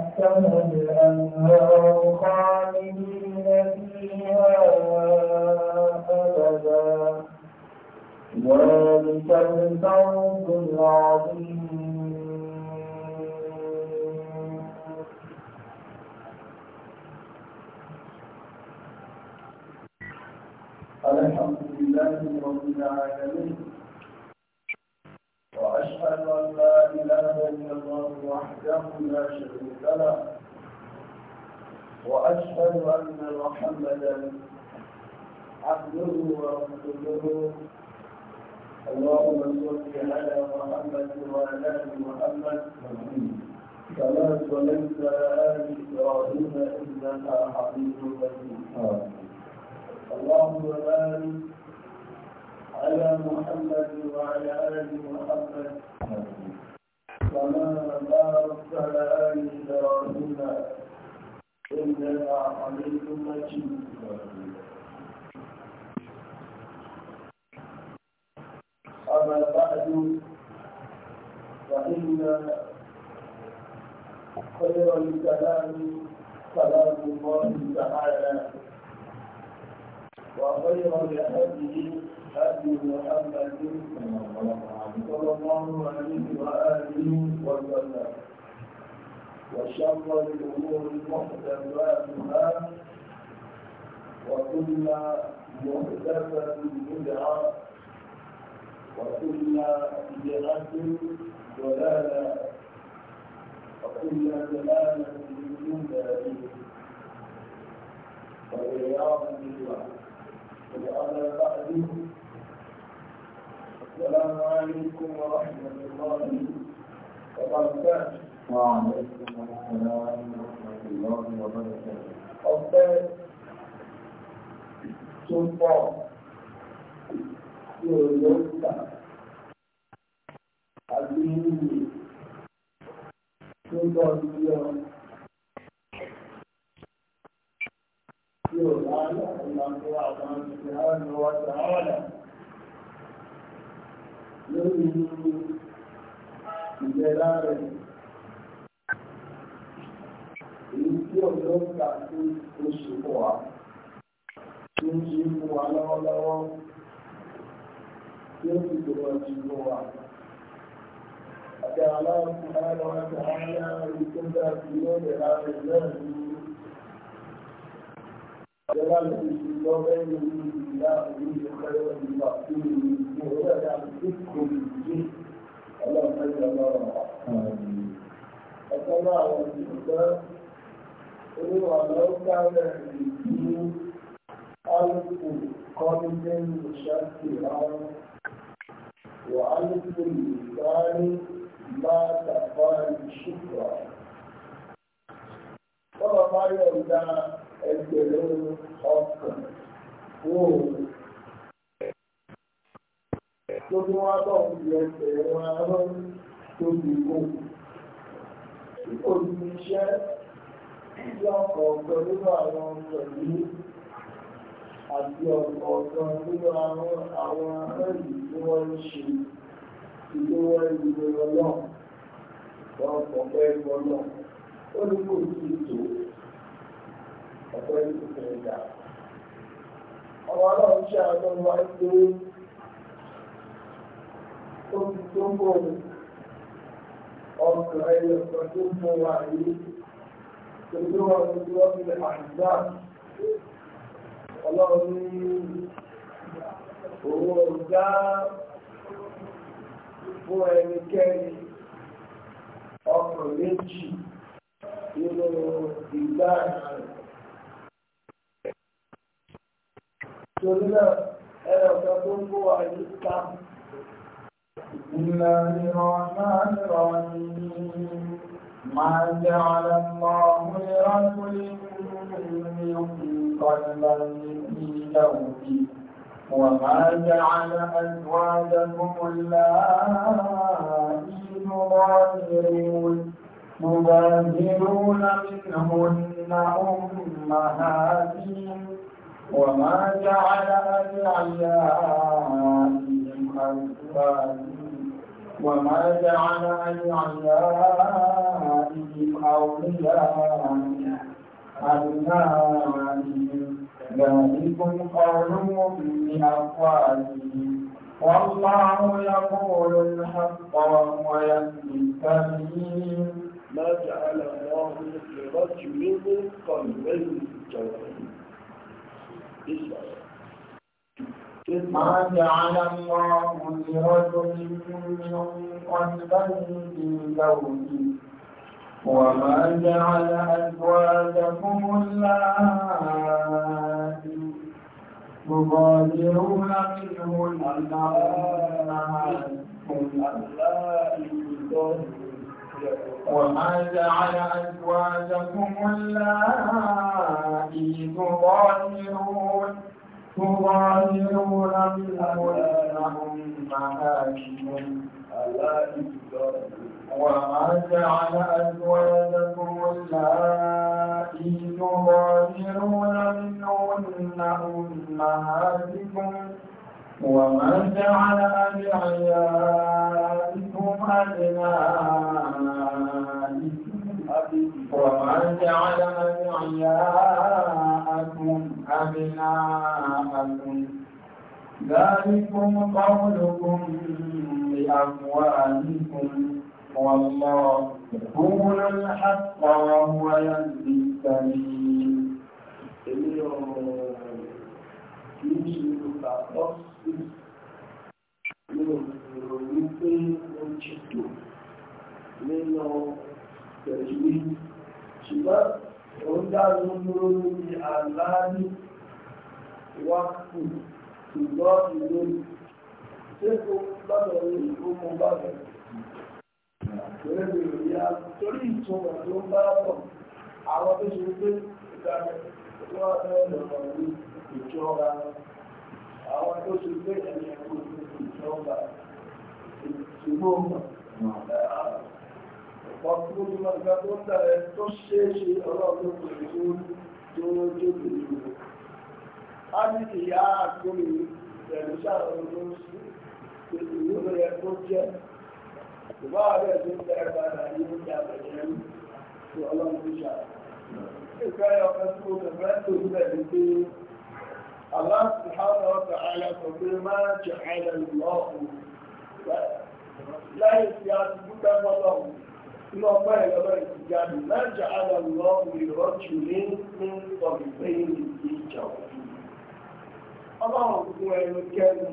تحتها خالدين فيها أبدا ذلك الفوز العظيم الحمد لله رب العالمين وأشهد أن لا إله إلا الله وحده لا شريك له وأشهد أن محمدا عبده ورسوله اللهم صل على محمد وعلى آل محمد كما صليت على آل إبراهيم إنك حميد مجيد اللهم بارك على محمد وعلى آل محمد كما باركت على آل إبراهيم إنك حميد مجيد أما بعد فإن خير الكلام كلام الله تعالى وخير الهدي هدي محمد صلى الله عليه وآله وسلم وشر الأمور محدثاتها وكل محدثة بدعة وكل بدعة ضلالة وكل ضلالة في النار والعياذ بالله وعلى بعده السلام عليكم ورحمة الله وبركاته وعليكم السلام ورحمة الله وبركاته أفضل سلطة يولوكا أبيني سلطة يولوكا يولوكا الله سبحانه وتعالى lórí ìlera rẹ̀. Èyí tí ọ̀dọ́ ta sí oṣù fún wa, tí ó ṣe fún wa lọ́wọ́lọ́wọ́, tí ó sì gbọ́dọ̀ ti fún wa. Àti aláwọ̀ fún aláwọ̀ àti aláwọ̀ ìtọ́jà sí lọ́dẹ̀ جلال الدولين لا أريد خيرا لبعضهم وهو يعطيكم به ألا خير الله أطلع الإنسان هو لو كان الدين ألف قلب مشكرا وألف لسان لا تقال شكرا. Bọ́lá bá yọ̀ dáa ẹgbẹ̀rún ọkàn wò ó. Lójú wa bọ̀ ń fi ẹgbẹ̀rún arọ́ tóbi kù. Olùṣẹ́ tí ọkọ̀ ọ̀gbẹ́ nínú àwọn ọkọ̀ yìí àti ọkọ̀ ọ̀gbẹ́ nínú àwọn ẹ̀rí tí wọ́n ń ṣe ìlú wọn ìlú ọlọ́run. Wọ́n kọ̀ pẹ́ ọlọ́run. Ó ní kò sí ìtòó ọ̀pọ̀ ẹni tó fẹ́ gbà. ọmọ náà ń ṣe àwọn ọmọ ẹgbẹ́ tó fi tó ń bọ̀ ọkùnrin ẹyọ kan tó ń bọ̀ wá yìí tó ń bọ̀ wọn tó wọ́n fi àìsà ọlọ́run ní òun ọ̀gá fún ẹnikẹ́ni ọkùnrin méjì nínú ìgbà àìsàn. بسم الله الرحمن الرحيم ما جعل الله لرجل من قلبا في جوفه وما جعل أزواجكم اللائي تظاهرون تظاهرون منهن أمهاتهم وما جعل أدعيائهم وما جعل أدعيائهم أولياء أبنائهم ذلكم قولهم بأقوالهم والله يقول الحق وهو يهدي السبيل ما جعل الله لرجل قلبين جوهرا ما جعل الله في وما جعل أزواجكم الله تظاهرون منهن أمهاتكم اللائي وما جعل أزواجكم اللائي تظاهرون تظاهرون منهن أمهاتكم وما جعل أزواجكم اللائي تظاهرون منهن أمهاتكم وما جعل أدعيائكم أدعياءكم أبناءكم ذلكم قولكم بأموالكم والله يقول الحق وهو يهدي السبيل olùrò wípé ó ti tò nínú pẹ̀lú ṣùgbọ́n ó ń dá lóró lórí àláàrí wákù ṣùgbọ́n ìlú ṣéko lọ́dọ̀ ìlú mo bá rẹ̀ pẹ̀lú ìyá torí ìtumọ̀ tó ń àwọn tó ṣe pé ẹ̀mí ẹ̀kọ́ ìjọba ṣùgbọ́n ọ̀pọ̀ tó ní ọgbà tó ń dàrẹ tó ṣeé ṣe ọlọ́run tó tó jókè jù lọ. a ní ìyá àgbóyè pẹ̀lú sáàrùn tó ń sí ìlú rẹ̀ tó jẹ́ ìbá rẹ̀ tó ń bẹ̀rẹ̀ padà ní oúnjẹ àbẹ̀jẹ̀ ń tó ọlọ́run tó ṣàrùn. ìfẹ́ ọkọ̀ tó ń bẹ̀rẹ̀ tó ń Allah subhanahu wa ta'ala sọ pé máa jẹ àìlẹ̀ lọ́ọ̀hún láì fi àtúgbúgbẹ́ fọ́lọ́hún inú ọgbà ìlọ́lọ́ ìtìjáde máa jẹ àìlẹ̀ lọ́ọ̀hún ìrọ́jù ní ní ọ̀gbẹ́ ìjà òfin. Ọlọ́run fún ẹnu kẹ́nu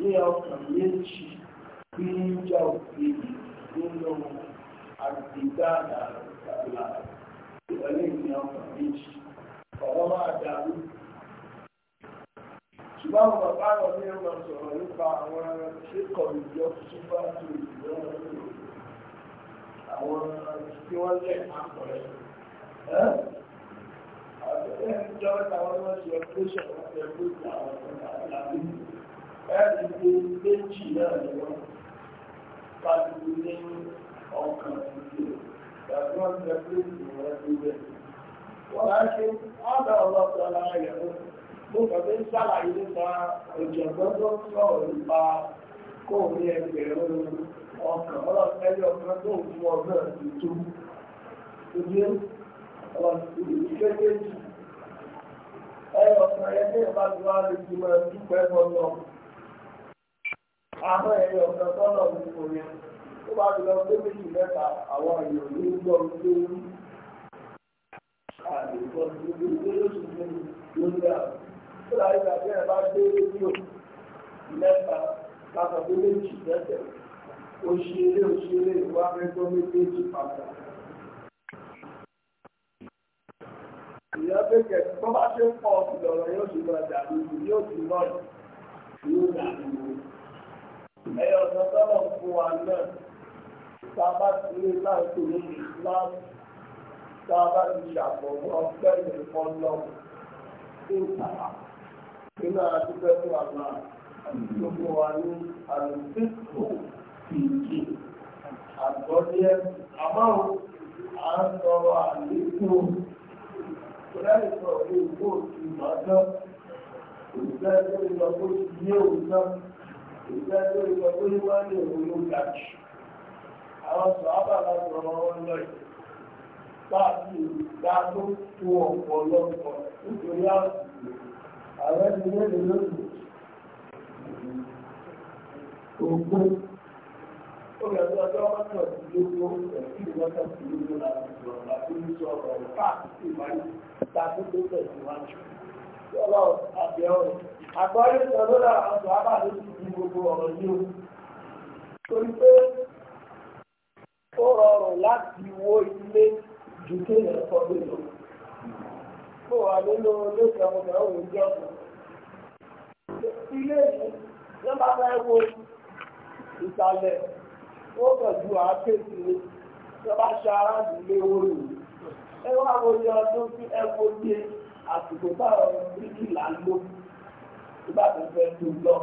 ní ọkàn méjì bí ìjà òfin nínú ọ̀rọ̀ máa dàrú. ṣùgbọ́n àwọn bàbá àwọn ní ẹ̀rọ sọ̀rọ̀ nípa àwọn ṣékọ̀ ìjọ súpà tó ìjọ àwọn tí wọ́n lẹ̀ àpọ̀rẹ́. Àgbẹ̀rẹ̀ ń jọ́ táwọn ọmọ ṣe ọ̀pẹ́ṣẹ̀ wọn fẹ́ kó ìjà àwọn ọmọ àlàbí. Ẹ̀rì méjì náà ni wọ́n pàdé ní ọkàn ìlú. Ìgbàgbọ́n ń bẹ pé ìwọ̀n ẹgbẹ́ wọ́n a ṣe ọ́dọ̀ ọlọ́pọ̀ lára ìyàwó mú kàbí sàlàyé nípa ọ̀jọ̀gbọ́n tó sọ̀rọ̀ nípa kó ní ẹgbẹ̀rún ọkàn ọlọ́pẹ́lẹ́ ọkàn tó fún ọgbẹ́ ètò ojú ọkàn tó àdìgbò ìyá bẹ́kẹ̀ tó bá ṣe ń pọ̀ ọ̀sùn lọ́rọ̀ yóò ti lọ yóò ti lọ́rọ̀ yóò ọ̀sán tọ́lọ̀ fún wa náà tá a bá láti tòun láti tá ti ṣàkóso ọgbẹ́ ìrìnkọ́ lọ́wọ́ tó tàà nínú àdúgbò fún àgbà gbogbo wa ní àlùfíìsù ìjì àgbọ̀dẹ́ àbáwò à ń sọ̀rọ̀ àlékún lẹ́yìn sọ̀rọ̀ ní ìwé òsì ìbàdàn òṣìṣẹ́ tó ń lọ bó ti yé òun náà tó ń lọ bó ti wá ní òun ló ga àwọn sọ̀rọ̀ àbàlá sọ̀rọ̀ wọn láti ìgbà tó tó ọ̀pọ̀lọpọ̀ nítorí àsìkò ààrẹ ti lẹ́nu lónìí ògbó ó yẹ kí ọjọ́ mọ́tò ti lóko ẹ̀sìn ìwọ́tò ti lóko láti sọ̀rọ̀ àti sọ̀rọ̀ fáàkì ìwáyé tàbí tó tẹ̀síwájú lọ́wọ́ àbẹ̀ ọ̀rọ̀ ju kéèyàn kọ́ lé lọ. Mo wà nínú lóṣù àwọn ọmọ òun jẹ́ ọ̀pọ̀. Ilé yìí ló bá fẹ́ wo ìsàlẹ̀ ó kàn ju àákéèsì ni tó bá ṣe aráàlú lé orí mi. Ẹ wá wo ní ọdún tí ẹ wo ní àsìkò táwọn bíríkìlà lò nígbà tó fẹ́ tó lọ.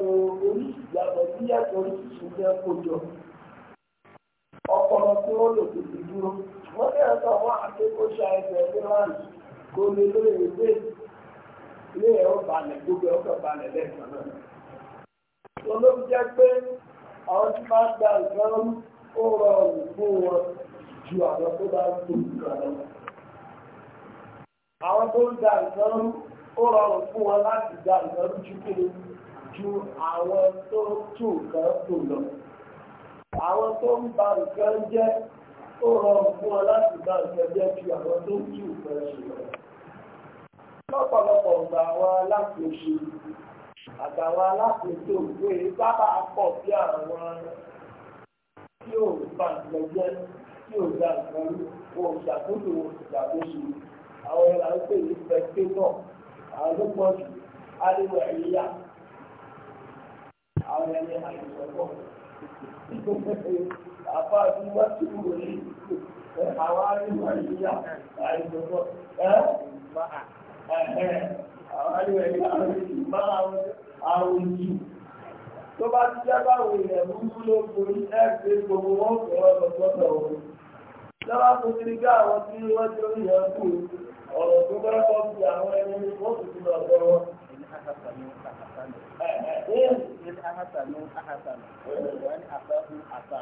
lo orí ìyàtọ̀ sí yàtọ̀ oríṣiríṣi jẹ́ kójọ ọpọlọ tí wọ́n lò tètè dúró wọ́n ní ẹ̀ka wọn àti kó ṣe ẹgbẹ́ ní láàyè kó lè lóye ìwé ilé ẹ̀rọ balẹ̀ gbogbo ẹ̀rọ balẹ̀ lẹ́ẹ̀kan náà. olóbi jẹ́ pé àwọn tí máa ń gba ìfẹ́ràn ó rọrùn fún wọn ju àwọn tó bá ń tó nǹkan lọ. àwọn tó ń gba ìfẹ́ràn ó rọrùn fún wọn láti gba ìfẹ́ràn jù kí ni ju àwọn tó tù kan tù lọ. Àwọn tó ń ba nǹkan jẹ́ ó rọrùn fún ọ láti ba nǹkan jẹ́ ju àwọn tó tù kan ṣe lọ. Lọ́pọ̀lọpọ̀ ọ̀gbà àwọn alákòóso àtàwọn alákòóso ìwé sábà pọ̀ bí àwọn tí ò ba nǹkan jẹ́ tí ò da nǹkan rú ṣàkóso wọn àwọn ẹ̀rọ àwọn pè ní pẹ̀tẹ́tọ̀ àwọn ló pọ̀ jù aliwọ̀ ẹ̀yà àwọn ẹni àìsọ̀kọ̀. Àpá àti wá tí kò ní àwọn àríwá ìyá àìsọ̀kọ̀. Ẹ́ àwọn àríwá ìyá àìsọ̀kọ̀ àwọn ìjì. Tó bá ti jẹ́ báwo ilẹ̀ búrú ló borí ẹgbẹ́ gbogbo wọn fẹ́ ọ̀rọ̀ sọ́tọ̀ òun. Lọ́wọ́ tó ti rí bí àwọn tí wọ́n ti rí ẹ̀kú ọ̀rọ̀ tó bá kọ́ sí àwọn ẹni wọ́n sì ti lọ sọ́wọ́ ahasanu ahasanu. in ahasanu ahasanu. wani asahu asa.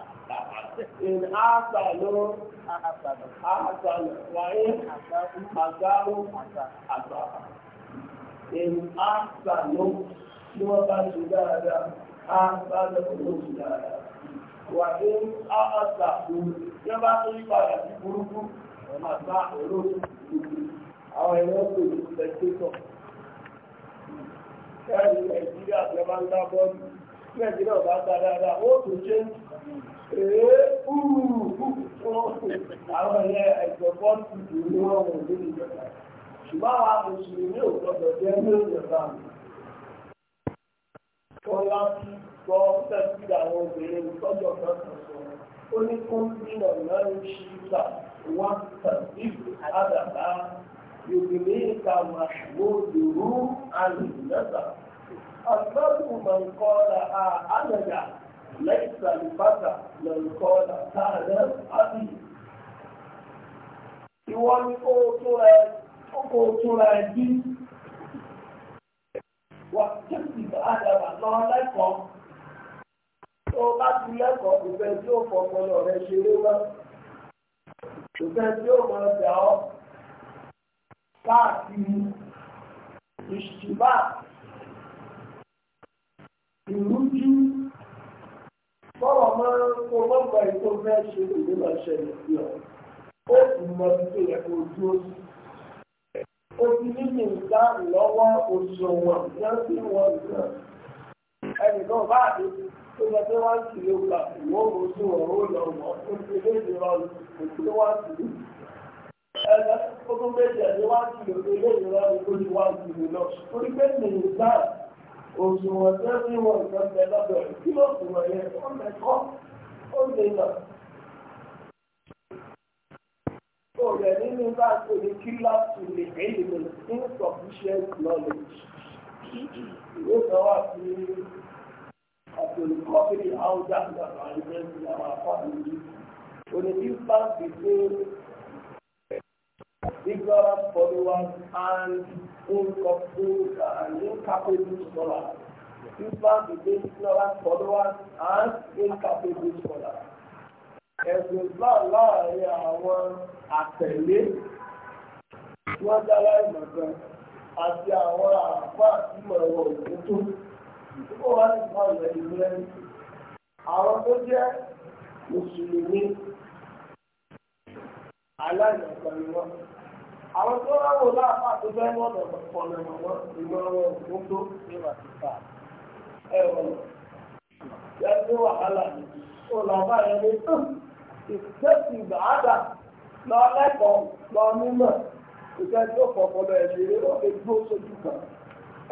in ahasanu ahasanu. ahasanu wani asahu asahu asa. asa. in ahasanu tí wọ́n bá ṣe dáadáa ahasanu ló ṣe dáadáa. wà ní ahasahu tí wọ́n bá tó yí padà sí burúkú. ọ̀nà àgbà olóòtú. àwọn ẹ̀rọ tó lè fẹ́ tó sọ láàrin nàìjíríà lọ́ba ń gbá bọ́ọ̀lù nàìjíríà ọba gbá dáadáa ó tún ṣe èé kúrú àwọn ẹ̀yẹ ẹ̀jọ̀ bọ́ọ̀lù ìlú wọn wò ní ìjọba ṣùgbọ́n àwọn mùsùlùmí ò gbọdọ̀ jẹ́ ní ìjọba mi. Kọ́lá يدنيك محموده عن النذر النذر من قال أعلم ليس الفتى من قال تعلم أبي ìwọ ni kó o túnra ẹ bí wà tẹ́sí àdàbà náà lẹ́kọ̀ọ́ tó o bá ti lẹ́kọ̀ọ́ kò fẹ́ tí ó fọpọlọ rẹ ṣeré wá kò fẹ́ tí ó mọ̀ ọ́ káàkiri ìṣùbà ìrújú bọ́rọ̀ máa ń kó lọ́gbà ètò fẹ́ ṣe ìlú lọ ṣẹlẹ̀ sí ọ ó sì mọ títí rẹ̀ kó dúró sí o ti ní ní nǹkan lọ́wọ́ òṣùwọ̀n yẹn sí wọn nǹkan ẹnìkan bá àdé tó yẹ pé wọ́n ń kìlógbà ìwọ́n òṣùwọ̀n ó lọ wọ́n ó ti lé ìrọ̀lù òṣùwọ̀n sí i ẹ̀rọ ó tún bẹ̀rẹ̀ ní wá kìlò ilé ìrora ìlú ní wá kìlò lọ torí pé nìyíká òṣùwọ̀n tó ní wọn nǹkan bẹ lọ́dọ̀ rẹ̀ kí ló sùn wọ̀nyẹ ó lè kọ́ ó lè nà. ó rẹ̀ nínú bá a ní kílá tù lè èyí ní insufficient knowledge. ìwé kan wà sí àtòlùkọ́bìnrin áwùjá àgbàdo àìsàn ìyàwó àpá ìlú. òní bí bá ń gbèsè ignorant followers and unskillful and incapable scholars. Islam became ignorant followers and incapable scholars. Ẹ̀sìn Islam láàrin àwọn àtẹ̀lé tí wọ́n dá láì mọ̀kan àti àwọn àfáà tí mọ̀ ẹ̀rọ òkú tó. Ó wá ní ìfọ̀ ìrẹ̀lẹ̀ ìrẹ̀lẹ̀. Àwọn tó jẹ́ Mùsùlùmí aláìmọ̀kan ni wọ́n àwọn tó ráwò láàpá tó fẹ́ mọ́nà ọ̀nà àwọn ìwọ ọ̀rọ̀ gbogbo ní màtífà ẹ̀rọ ẹgbẹ́ wàhálà ni ó lọ bá yẹn ní ìtẹ́sí ìgbàádà lọ lẹ́kọ̀ọ́ lọ mímọ̀ ìfẹ́ tó kọ̀ọ̀kọ̀lọ̀ ẹ̀ṣẹ̀ ó lè gbó sójú kan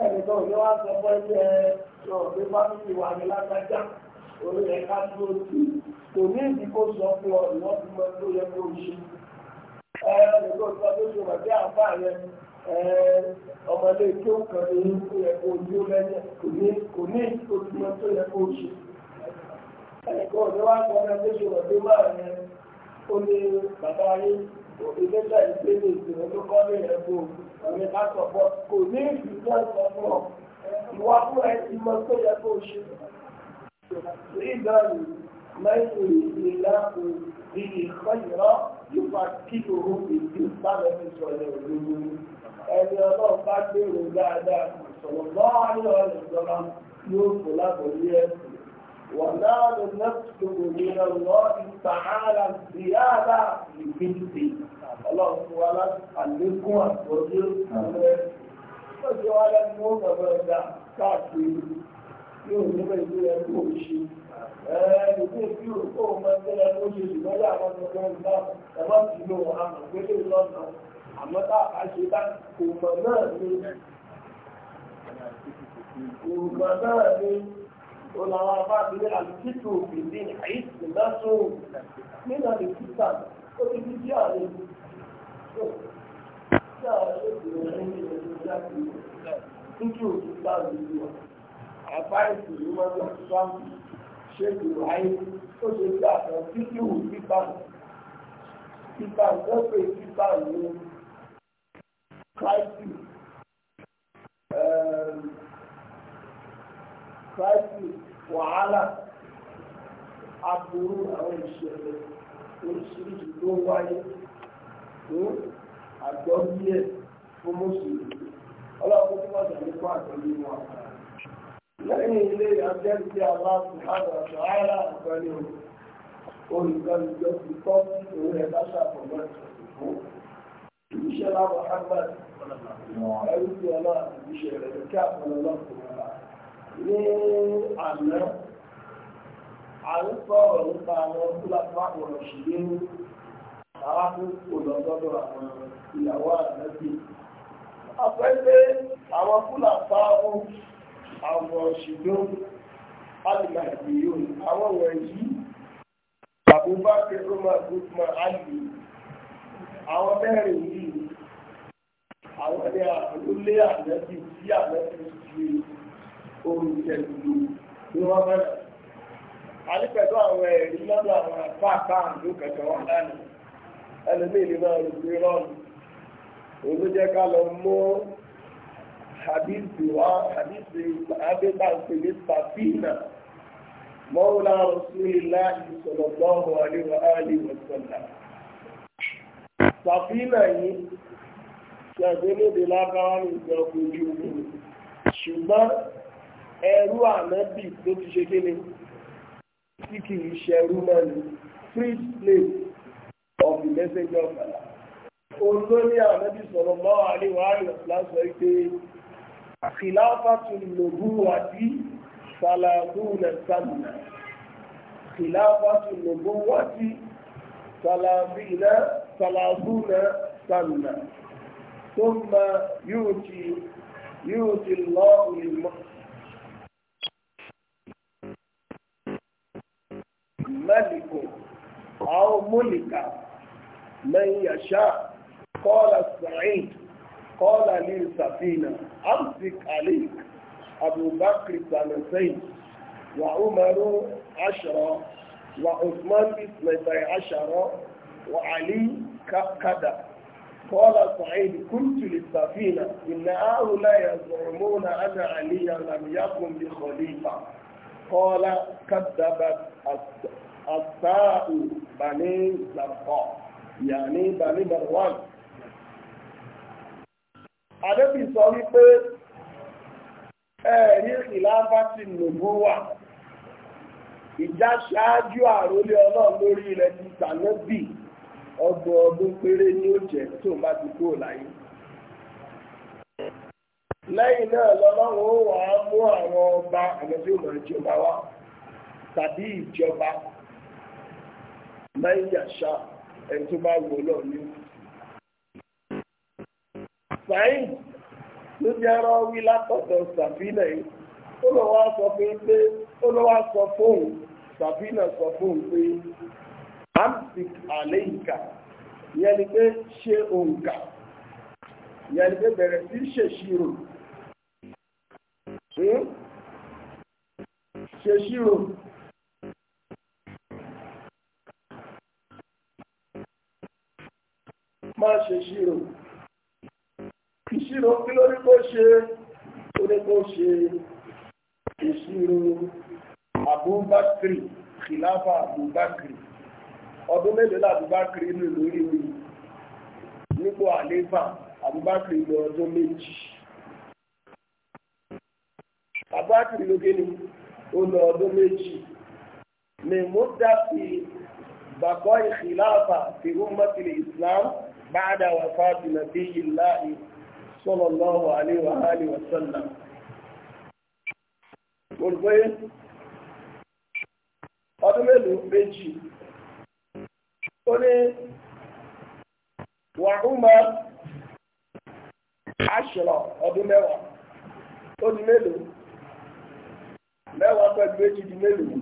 ẹnìkan ò ní wá sọ fún ẹgbẹ́ ọ̀gbẹ́ fámìlì wà ní lágbájá orí ẹ̀ka dúró tì kò ní ìdíkó sọ fún ọ ìwọ́n ti mọ tó yẹ kó o ṣe ẹ ẹnìkan tó tó tó wà bí àbá rẹ ẹ ọmọdé tó kàn ní kó yẹ kó ojú lẹ́yìn kò ní kò ní ìtòtúmọ̀ tó yẹ kó ṣe. ẹnìkan ọ̀dọ́ wa sọ ọmọ tó ṣe wà bí máa rẹ ó ní bàbá yín ìgbésà ìgbélé ìgbìmọ̀ tó kọ́ ní ẹ̀bù ọ̀rẹ́ lásọ̀ bọ́ kò ní ìgbìmọ̀ sọ fún ọ ìwà fún ẹ ti mọ tó yẹ kó ṣe. ìgbà mẹ́sìn ìlà òòlù ìdí ìkọyìnrọ yóò máa kí òun ìdí ìpàdé mi sọ̀rọ̀ òdodo ẹni ọlọ́run bá gbèrò dáadáa sọ̀rọ̀ lọ́wọ́ àlọ́ ìjọba yóò kó lábọ̀lé ẹ̀ ولا نكتب من الله تعالى زيادة لبنتي الله تعالى عليكم وجل وجعل المؤمن ذا كافي يوم يبقى يقول ẹ̀ẹ́dùn tí ò kó máa tẹ́lẹ̀ n'oge ṣe ṣùgbọ́n yà wọ́n ti lọ́rùn náà ẹ̀mọ́ ti lò àmọ̀ pé lè lọ́nà àmọ́ tá a ṣe bá kò mọ̀ náà kò mọ̀ náà ó làwọn àlùkítù òbíní nínú àlè títà ó ti fi tí a ṣe ìlú lọ ṣe ìlú ayé tó ṣe bí àtọ̀ fídíò pípa pípa ìgbẹ́pẹ̀ pípa ní kíláìsì kíláìsì wàhálà aburú àwọn ìṣẹ̀lẹ̀ oríṣiríṣi tó wáyé fún àjọ bíẹ̀ fún mọ́sùlùmí ọlọ́pàá tó wà ní àgbẹ̀kọ́ àjọ yìí lẹ́yìn ilé ìyájẹ́ tí aláàbò àgbàṣọ ara àgbáni olùgbàlùjọ ti tọ́ òun ẹ̀ bá ṣàpọ̀mọ́ ìṣẹ̀lẹ̀ fún ìṣẹ́ láwọ̀ harvard ẹ̀rú ti ọlọ́ àtìṣẹ́ rẹ̀ kí àpọ̀lọ́ lọ́kùnrin wa ní àná à ń nípa àwọn fúlàfà ọ̀rọ̀ ṣìlẹ̀ ní arákùnkù lọ́dọ́dọ̀ àwọn ìyàwó àrẹ́bí. àpẹẹrẹ àwọn fúlàfà ọ̀hún àwọn ṣìdó alìmọ̀dì yóò àwọn wọ̀nyí Abubakar Umar Uthman Ali àwọn mẹ́rin yìí àwọn ní àlólé àlẹ́bí tí àlẹ́bí ti ohun ìṣẹ̀lú ní wọ́n mẹ́rin. Àlípẹ̀lú àwọn ẹ̀rí lọ́dọ̀ àwọn àpáàpá àdó kẹ̀kẹ́ wọn lánàá. Ẹlòmíì ni rọ́ọ̀lù. Òun lọ mú hadithi wa hadithi abẹ́bà ìpele sàfihàn mọ́wúlá rasulillah sallallahu alaihi wa alihi wa sallam. sàfihàn yìí ṣàgbélédè lágbára ní ìjọ ojú omi ṣùgbọ́n ẹrú ànábì tó ti ṣe kíni tí kì í ṣẹrú mọ́ni free slave of the messenger of Allah. olórí ànábì sallallahu alaihi wa alihi wa sallam sọ pé khilafatul nubuwati salatuna sanna khilafatul nubuwati salatuna salatuna sanna ثم يؤتي يؤتي الله ملك أو ملك من يشاء قال السعيد kọ́ọ̀lá ní ìsàfihàn amsik alik abubakar sanasein wa umaru ashara wa usman ismail ashara wa ali kada قال سعيد كنت للسفينة إن هؤلاء يزعمون أن عليا لم يكن بخليفة قال كذبت الساء بني زرقاء يعني بني مروان àdébì sọ wípé ẹ̀rí ìlànfàtì lògùn wà ìjà ṣáájú àrólé ọlọ́run lórí rẹ̀ ti sànẹ́bì ọgbọ̀n ọdún péré ní ó jẹ́ tó bá ti kúrò láyé lẹ́yìn náà lọ́lọ́run ó wà á mú àwọn ọba àwọn tí ó mọ̀ ìjọba wá tàbí ìjọba lẹ́yìn àṣà ẹni tó bá wù ọlọ́run ní Sa'id ló jẹ́ rọ́wí látọ̀dọ̀ Sàfínà yìí ó lọ wá sọ pé pé ó lọ wá sọ fóun Sàfínà sọ fóun pé amsik àléǹkà ìyẹn ni pé ṣe òǹkà ìyẹn ni pé bẹ̀rẹ̀ sí ṣèṣirò hmm? ṣèṣirò. Má ṣe ṣírò ìṣirò kí lórí kó ṣe lórí kó ṣe ìṣirò Abubakar khilafa Abubakar ọdún mélòó làbúbákiri lò lórí mi nípò àléfà àbúbákiri lò ọdún méjì àbúbákiri ló gé ni ó lò ọdún méjì mèmúdàfì bàkọ́ ìkìláàfà fi ummati islam ba'da wafati nabiyyillahi sallallahu alaihi wa alihi wa sallam gbogbo ọdún mélòó méjì ó ní wà Umar aṣọ ọdún mẹ́wàá ó di mélòó mẹ́wàá pẹ̀lú méjì di mélòó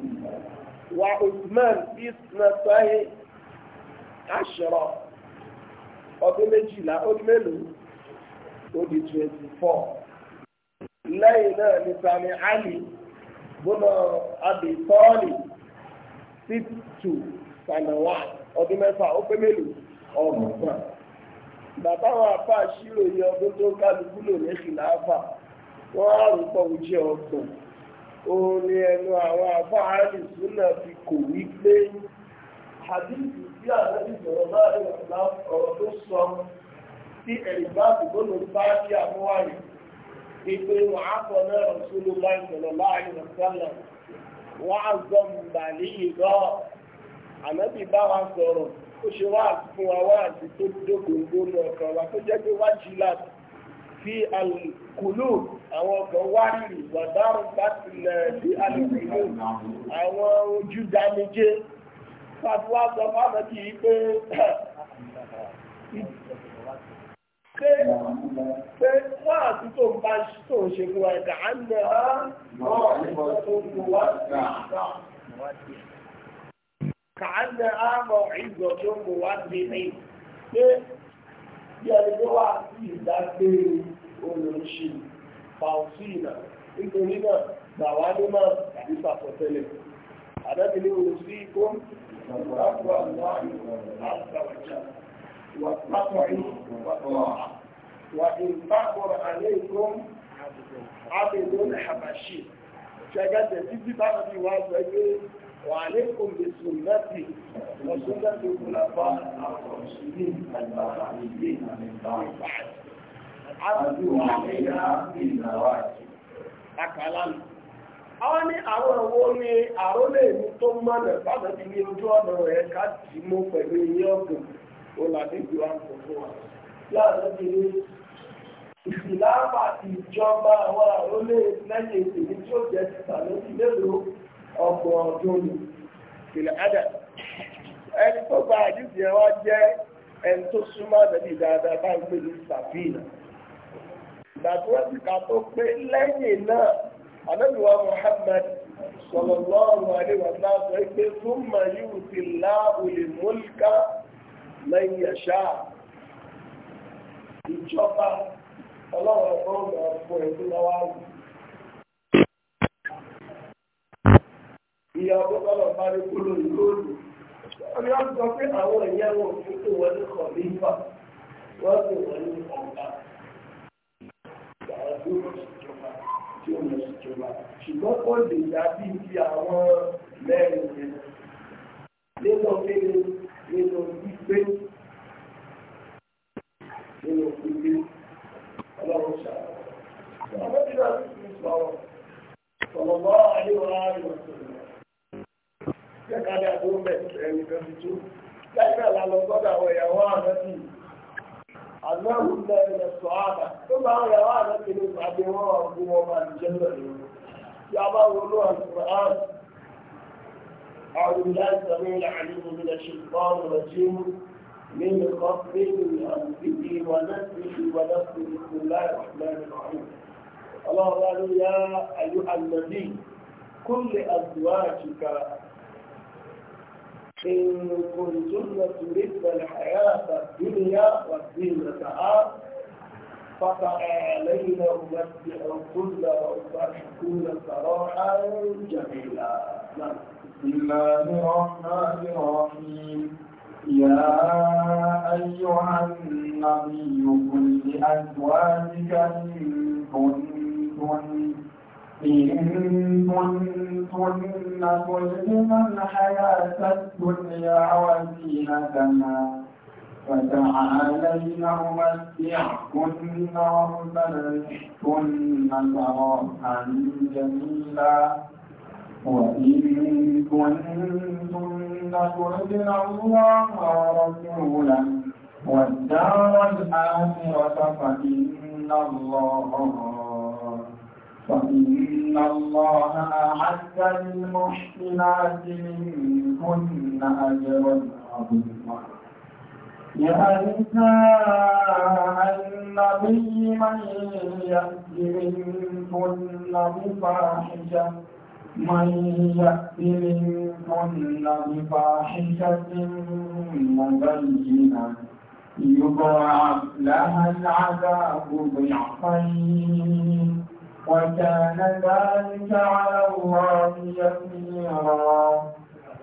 wà Usman isnasahi aṣọ ọdún méjìlá ó di mélòó. ó di twenty lẹ́yìn náà ni sami ali bọ́nà abi tọ́ọ̀lì sanawa ọdún mẹ́fà ó pé mélòó bàbá wa fà ṣírò yẹ ọdún tó kálukú lò òun ni ẹnu àwọn náà fi kò pé àdìsí sí ọ̀rọ̀ sọ tí ẹ̀rìgbáàbù gbọ́nà bá sí àmúwárì ìpè mọ̀háfọ́ náà rọ̀ṣúlù láìpẹ̀lọ̀ láàrin ọ̀sánlẹ̀ wọ́n á zọ mbàlí ìgbọ́ ànábì bá wa sọ̀rọ̀ ó ṣe wá fún wa wá àti tó dógóńgó ní ọkàn wa tó jẹ́ pé wá jí láti fi àlùkùlù àwọn ọkàn wá rírì wàdárùn bá tilẹ̀ sí àlùkùlù àwọn ojú dáníjé fàtúwà sọ fáwọn kì í pé pé pé wọ́n àti tó ń bá tó ń ṣe fún wa ẹ̀ka á ń lọ kàánà àmọ̀ ìgbọ̀ tó ń bọ̀ wá dé ní pé bí ẹni tó wà sí ìdágbé olóṣì fàùsìnà nítorí náà gbàwá ní máa tàbí sàpọ̀tẹ́lẹ̀ àdábìlẹ̀ òsì kó ń sàpọ̀ àwọn àwọn àwọn àgbàwàjá واتقوا وطاعة وإن تكبر عليكم عبد حبشي ṣẹgẹ́ tẹ̀ títí bá wọn ni wá sọ pé wà lẹ́kùn lè sùn láti lọ́sùn láti òkúlàpá àwọn ìṣúlé àgbàrá ilé ìbáàbáàdì. Àbúrò wà ní ìlà ìlàwàdì. Akàlálù. Àwọn ní àwọn owó ní àrólé ìlú tó mọ́nà bá olàdéjì wa ń fòfò wa láàrín ìlú ìsìláàmà ìjọba àwọn àrólé lẹ́yìn èdè tí ó jẹ́ títà lórí lélo ọgbọ̀n ọdún ni ìlẹ̀ ádà ẹni tó gba àdìsí ẹ wá jẹ́ ẹni tó súnmọ́ àdàbí dáadáa bá ń pè ní sàfihàn ìdàtúrọ́sìkà tó pé lẹ́yìn náà àdàbíwá Muhammad sallallahu alaihi wa sallam pé fún màyúù ti láàbùlì mólíkà lẹ́yìn ẹ̀ṣá ìjọba ọlọ́run ọ̀pọ̀ ọ̀gbọ̀n ọ̀pọ̀ ẹ̀kú lọ́wọ́ àrùn. ìyá ọgbọ́n bọ́lọ̀ bá rí kúrò lóòlù. Àmì wọ́n sọ pé àwọn èèyàn wọn kò tó wọn ní kọ̀ nípa wọ́n tó wọn ní ọ̀gá. Ìyàwó tó lọ sí ìjọba tí ó lọ sí ìjọba. Ṣùgbọ́n ó lè dàbí ti àwọn mẹ́rin yẹn. Nínú kéde nínú gbígbé nínú gbígbé ọlọ́run ṣàlọ́. Ọjọ́ ìgbà tí ti tó. Láìpẹ́ àlá lọ ìlú sọ Tó bá wọn wo ló أعوذ بالله السميع العليم من الشيطان الرجيم من خطه أنفسه ونفسه ونفسه بسم الله الرحمن الرحيم الله قال يا أيها النبي كل أزواجك إن كنتن تريد الحياة الدنيا وزينتها فتعالينا أمتعكن وأفرحكن صراحا جميلا نعم بسم الله الرحمن الرحيم يا أيها النبي قل لأزواجك إن كنتن إن كنتن تردن الحياة الدنيا وزينتها فتعالين أمتعكن وأسرحكن سراحا جميلا وإن كنتن تردن الله ورسوله والدار الآخرة فإن الله فإن الله أعد للمحسنات منكن أجرا عظيما يا نساء النبي من يأتي منكن بفاحشة من يأت منكن بفاحشة مبينة يضاعف لها العذاب ضعفين وكان ذلك على الله يسيرا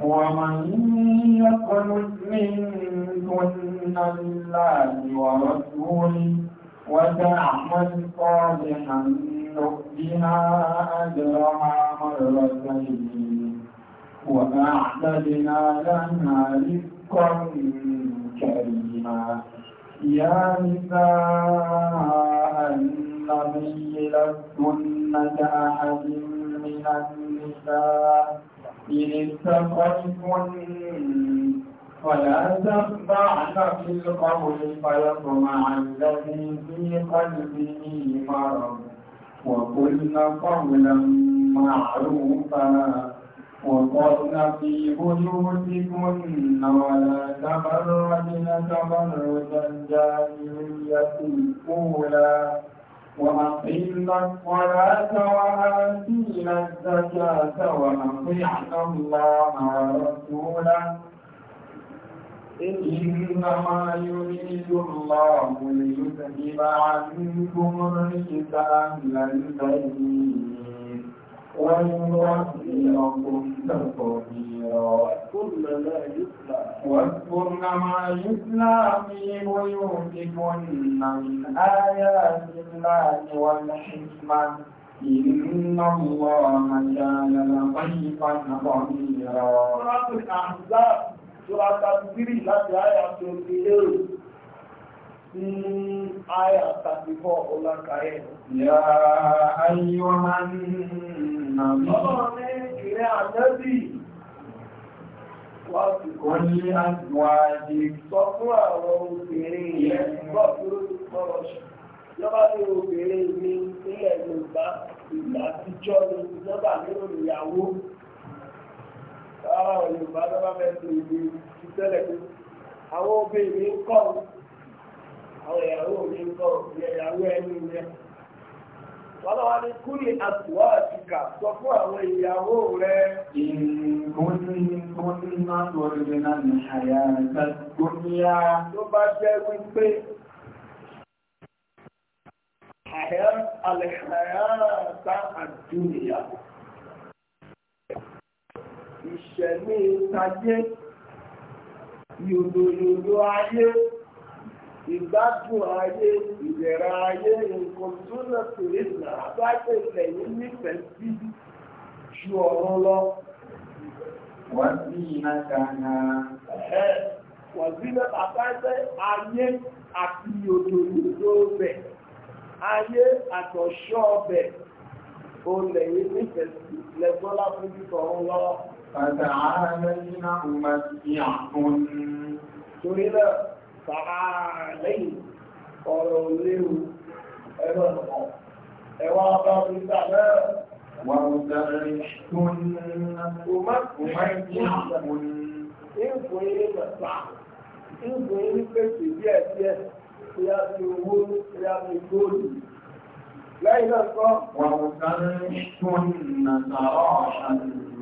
ومن يقنت منكن لله ورسوله وتعمل صالحا نؤتها أجرها مرتين وأعتدنا لها رزقا كريما يا نساء النبي لستن كأحد من النساء إن اتقيتن فلا تخضعن في القول فيطمع الذي في قلبه مرض وقلن قولا معروفا وقرن في بيوتكن ولا تبرجن تبرج الجاهلية الأولى وأقمنا الصلاة وآتينا الزكاة وأطعنا الله ورسوله إنما يريد الله ليذهب عنكم الرجس أهل البيت ويغفركم تطهيرا واذكرن ما يتلى في بيوتكن من آيات الله والحكمة إن الله كان لطيفا خبيرا. sura 33 three láti àyà twenty-eight sí àyà thirty-four ọlákàáyẹ̀. Yà ayọ̀ máa ń nàbí. Ọlọ́run ní ìrẹ́ àjẹ́bì wá ní Sọ fún àwọn obìnrin yẹn gbọ́ fún ọ̀rọ̀ obere Lọ́ba ní obìnrin mi nílẹ̀ Yorùbá ìgbà àtijọ́ ni àwọn Yorùbá tó bá fẹ́ tó ìlú ìtẹ́lẹ̀ tó àwọn obìnrin mi ń kọ́ àwọn ìyàwó mi ń kọ́ ìyàwó ẹni yẹn wọ́n wá ní kúrì àtúwà àtìkà sọ fún àwọn ìyàwó rẹ̀ tó bá jẹ́ wípé àyà àlẹ̀hàyà ta àdúnyà ìṣẹ̀mí ìtajé yòdòyòdò ayé ìgbádùn ayé ìdẹ̀ra ayé nǹkan tó lọ sórí ìlà abájọ ilẹ̀ yìí nífẹ̀ẹ́ sí ju ọ̀run lọ. wọ́n sì iná kàná. wọ́n sì iná abájọ ayé àti yòdòyòdò ọbẹ̀ ayé àtọ̀ṣọ́ ọbẹ̀ olè yìí nífẹ̀ẹ́ sí lẹ́gbọ́n láfojú kan lọ. فتعالينا أمتعكن torí náà fàá lẹ́yìn ọ̀rọ̀ léwu ẹ̀rọ ọ̀pọ̀ ẹ̀wà ọba òrìṣà náà wà ó dárí tún ọmọkùnrin ìfòyìn mẹ́ta ìfòyìn pèsè díẹ̀ díẹ̀ tí a fi owó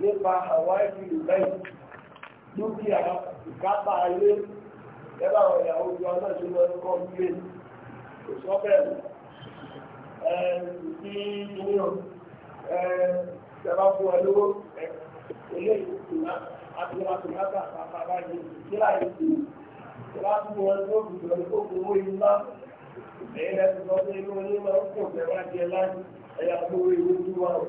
nípa àwọn ẹbí ìbẹ́yìn dúkìá ìkápá ayé ẹbá àwọn ìyàwó ju ọlọ́ọ̀ tí wọ́n kọ́ gbé kò sọ bẹ́ẹ̀ sí ìyàn ìjọba fún ọ lówó ilé ìtura àti àtúnyàtà àpapàá yìí kíláà yìí ìjọba fún ọ lówó ìjọba ìkókòwò yìí náà èyí lẹ́sìn lọ́sẹ̀ inú onímọ̀ ń pò tẹ̀wá jẹ láti ẹ̀yà gbogbo ìwé tí wọ́n rò.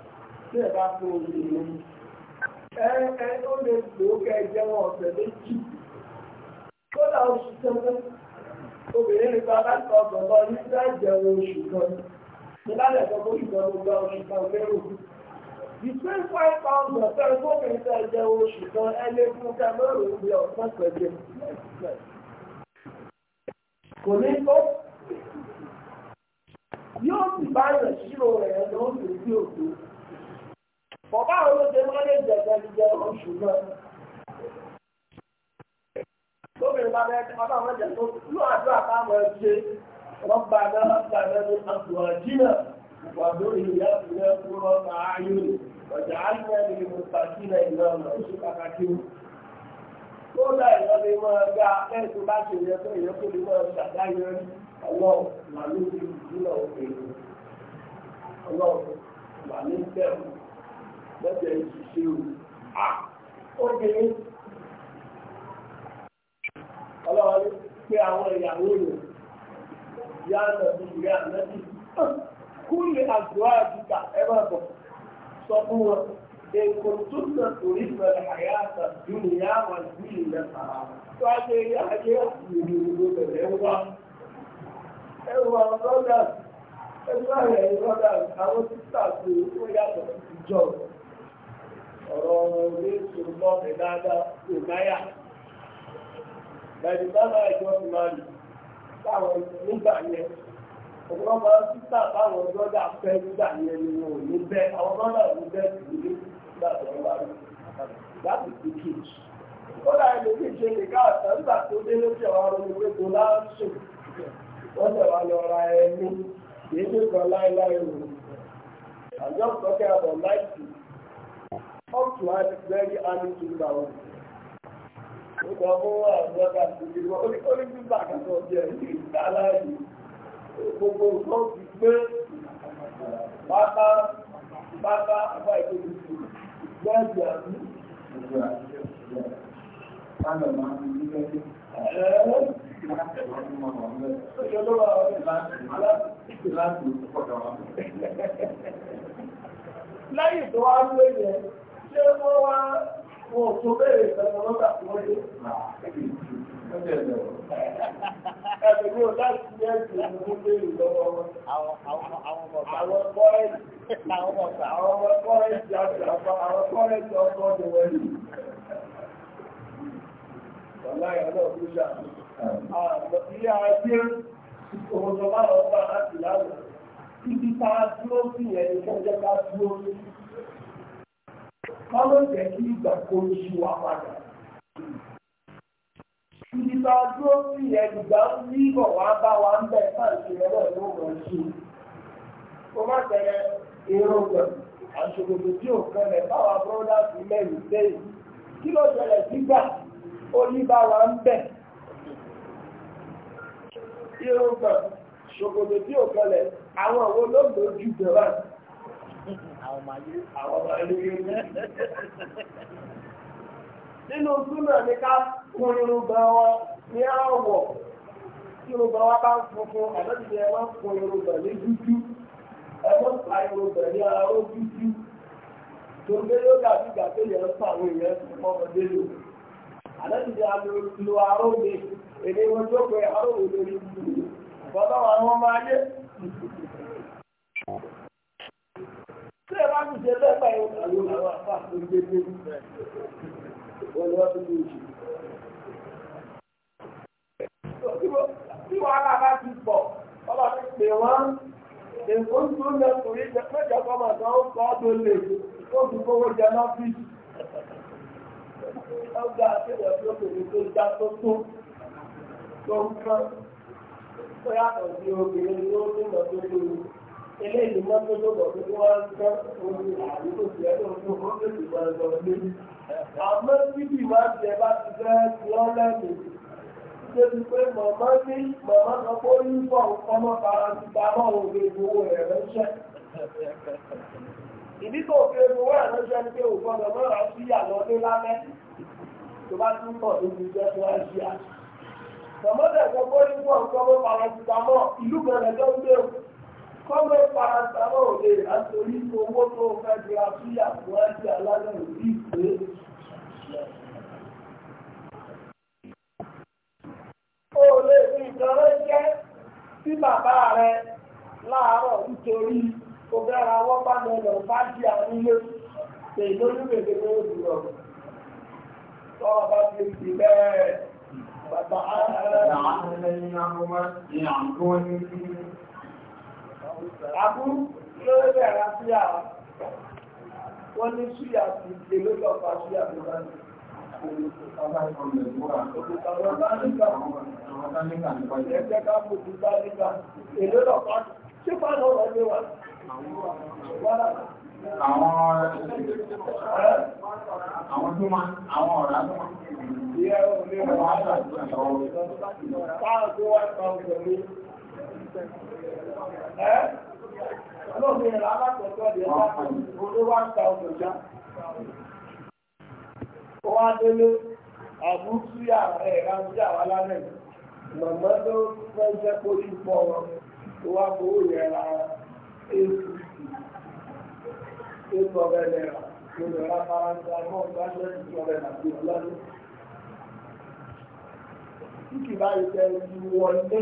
tí ẹ bá tó orí ìlú ẹ ó lè lò kẹ jẹun ọ̀sẹ̀ méjì kódà oṣù tẹ́lẹ̀ obìnrin nípa láti ọgbọ̀n lọ ní láìjẹun oṣù kan ní lálẹ́ ẹ̀kọ́ tó ìgbọ̀n gbogbo oṣù kan lérò ìpín five thousand fẹ́ẹ́ gómìnà tẹ́ jẹ oṣù kan ẹlẹ́gùn kẹmẹ́rù ń bí ọ̀sán pẹ̀lú kò ní tó yóò sì bá yẹ̀ síro rẹ̀ lọ́sùn sí òkú bọ̀bá àwọn olóde máa lè jẹ̀jẹ̀ jíjẹ oṣù náà. Lómi ìgbà bẹ́ẹ̀ bàbá àwọn ẹ̀jẹ̀ tó lù àdúrà táwọn ẹ̀ ṣe wọ́n gba náà wọ́n gba náà ní àbúrò jìnnà wà lórí ìyá ìpínlẹ̀ kúrọ̀ káàyò ọ̀jà àìsàn ní mùsàkì náà ìlú ọ̀nà oṣù kàkàkì. Kódà ìyọ́ lè máa gba ẹ̀sùn bá ṣe yẹ tó ìyẹ́ tó lè máa ṣàdáyọ ọlọ́ màlúù ìdílọ̀ òkèèrè ọlọ́ lọ́jọ́ ìṣiṣẹ́ o. Obìnrin ọlọ́run pé àwọn ìyàwó rẹ̀ yá lọ sí ìwé àmẹ́bí. Kúlẹ̀ àgbọ̀ àdìgbà ẹ máa bọ̀ sọ fún wọn. Èkó tó sọ torí ìfẹ̀lẹ̀ àyà àtàdúró ní àwọn ìdílé mẹ́ta. Tó a ṣe ilé ayé ìlú ìlú bẹ̀rẹ̀ wá. Ẹ wà lọ́dà ẹgbẹ́ rẹ̀ lọ́dà àwọn sísà tó yàtọ̀ ìjọ rẹ̀. lọ́ọ̀fẹ́ dáadáa Bẹ̀rẹ̀ bá ti máa táwọn nígbà yẹn. Ọ̀pọ̀lọpọ̀ títà táwọn fẹ́ nígbà yẹn ni ní bẹ́ àwọn ò ní bẹ́ sí nígbà tó ń wá rí. Láti fi kí. ṣe lè up to her very early two thousand. Ó sọ fún àwọn ọ̀gá àti ìwọ̀n onígbà kàtọ́ jẹ́ ìgbà aláàyè. Gbogbo nǹkan ti gbé bàbá bàbá àbá ìgbésí gbẹ́ẹ̀dì àbí. Báyọ̀ máa ń bí lẹ́yìn. Ẹ̀ẹ́ ló wà ọ̀rẹ́ láti láti ọ̀dọ̀ wa. Lẹ́yìn tó wá ń lé yẹn ṣé wọ́n wá wọn ò tó bẹ̀rẹ̀ ìfẹ́nu lọ́gbà tí wọ́n dé. Ẹ̀sìn mi ò láti ní ẹ̀sìn mi mú bèrè lọ́wọ́ wọn. Àwọn ọmọ ọ̀sà. Àwọn kọ́rẹ́ẹ̀sì. Àwọn ọmọ ọ̀sà. Àwọn ọmọ kọ́rẹ́ẹ̀sì àgbà. Àwọn kọ́rẹ́ẹ̀sì ọkọ̀ ni wọ́n yìí. Bàbá ìyàwó ọ̀gbìn ṣà. Ilé ara tí òun sọ bá lọ bá láti láwùjọ. Ibi tá a dúró sí yẹn ni kọ́jọ́ ká dúró sí wọ́n ló jẹ́ kí ìgbà kó yí wa padà. Ibi tá a dúró sí ẹ̀dùgbà ń ní bọ̀ wá bá wa ń bẹ̀ náà ṣe ẹ̀rọ ìlú rẹ̀ ṣe. Kó má tẹ̀lé èròǹgbà àṣòkòtò tí ò kẹlẹ̀ báwa bọ́dá sí mẹ́rin sẹ́yìn. Kí ló ṣẹlẹ̀ sígbà ó yí bá wa ń bẹ̀? Èròǹgbà ṣòkòtò tí ò kẹlẹ̀ àwọn òun ló lójú bẹ̀rẹ̀ àwọn ọmọ ayé àwọn ọmọ ayé nínú súnà ní ká fún yorùbá wọn ní àwọ̀ yorùbá wa bá ń funfun àlọ́dìdì ẹ máa ń fún yorùbá ní dúdú ẹ máa ń fa yorùbá ní ara ó dúdú tó ń gbé yóò dàbí ìgbà tó àwọn èèyàn fún ọmọdé lò àlọ́dìdì ẹ̀ bá ti jẹ bẹ́ẹ̀ báyìí àwọn àwọn àfà tó ń gbé dé wọ́n lọ́wọ́ tó ń jù. Tí wàhálà bá ti pọ̀, ọba ti pè wọ́n, èkó tó lọ kùrí mẹ́jọ kọ́mọ̀ kan ó kọ́ tó lè tó fi kówó jẹ lọ́fíìsì. Ọgbà akéwọ̀ tó kò ní tó já tó tó tó ń kán. Ó yàtọ̀ sí obìnrin tó ń lọ tó lóru eléyìí mọ́tò tó bọ̀ tó wá tán orí àdúgbò tí ẹ tó tó kó tó ti máa lọ lé. àmọ́ bíbí máa ń jẹ bá ti fẹ́ ti ọ́ lẹ́nu. débi pé màmá ní màmá kan kó ní bọ̀ ọmọ bàrà ti bá mọ́ òde ìgbowó rẹ̀ ránṣẹ́. ìdí tó fi ewúwẹ́ ránṣẹ́ ni pé ògbọ́dọ̀ mọ́ra sí àlọ́ ní lábẹ́ tó bá tún bọ̀ níbi iṣẹ́ tó wá ṣíà. màmá dẹ̀ sọ pé ó bọ̀ ọmọ bàrà ti bá mọ́ ìlú bẹ̀rẹ̀ lọ́gbẹ̀rún. Kọ́mọ̀ ìparata náà lè láti orí owó tó fẹ́ di àtúnyà fún ẹgbẹ́ alágbọ̀n ìlú ìgbé. Ó lè fi ìdánwò jẹ́ sí bàbá rẹ̀ láàárọ̀ nítorí obìnrin àwọn bá lọ bá di àwọn ṣe ìlóyún bèbè ní oṣù rọ̀. Tọ́wọ́ bá ti àbúrú lórí bẹ̀rẹ̀ síyà wọ́n ní síyà ti dé lórí ọ̀pá síyà tó bá ní. Ẹgbẹ́ ká fojú bá nígbà, èlé lọ́pàá, ṣé fáwọn ọ̀rọ̀ lé wa? Àwọn tó máa, àwọn ọ̀rá tó máa. Ìyẹ́ òun ní ọ̀rọ̀ àtàkùn àtàwọn ọ̀rọ̀ ẹ́ lóòmí ẹ̀rọ alákọ̀ọ́kọ́ lè wá olú wá ń ta ọmọdé wá délé àbúsí ẹ̀rọ àwọn alálẹ̀ màmá tó fẹ́ jẹ́ kó yí pọ̀ wọn tó wá fowó yẹn ra acc eight hundred naira tó lè ra paranta náà gbáṣẹ́ two hundred and fifty lọ́dún. Tí kì bá yẹ kẹ́ ju wọlé.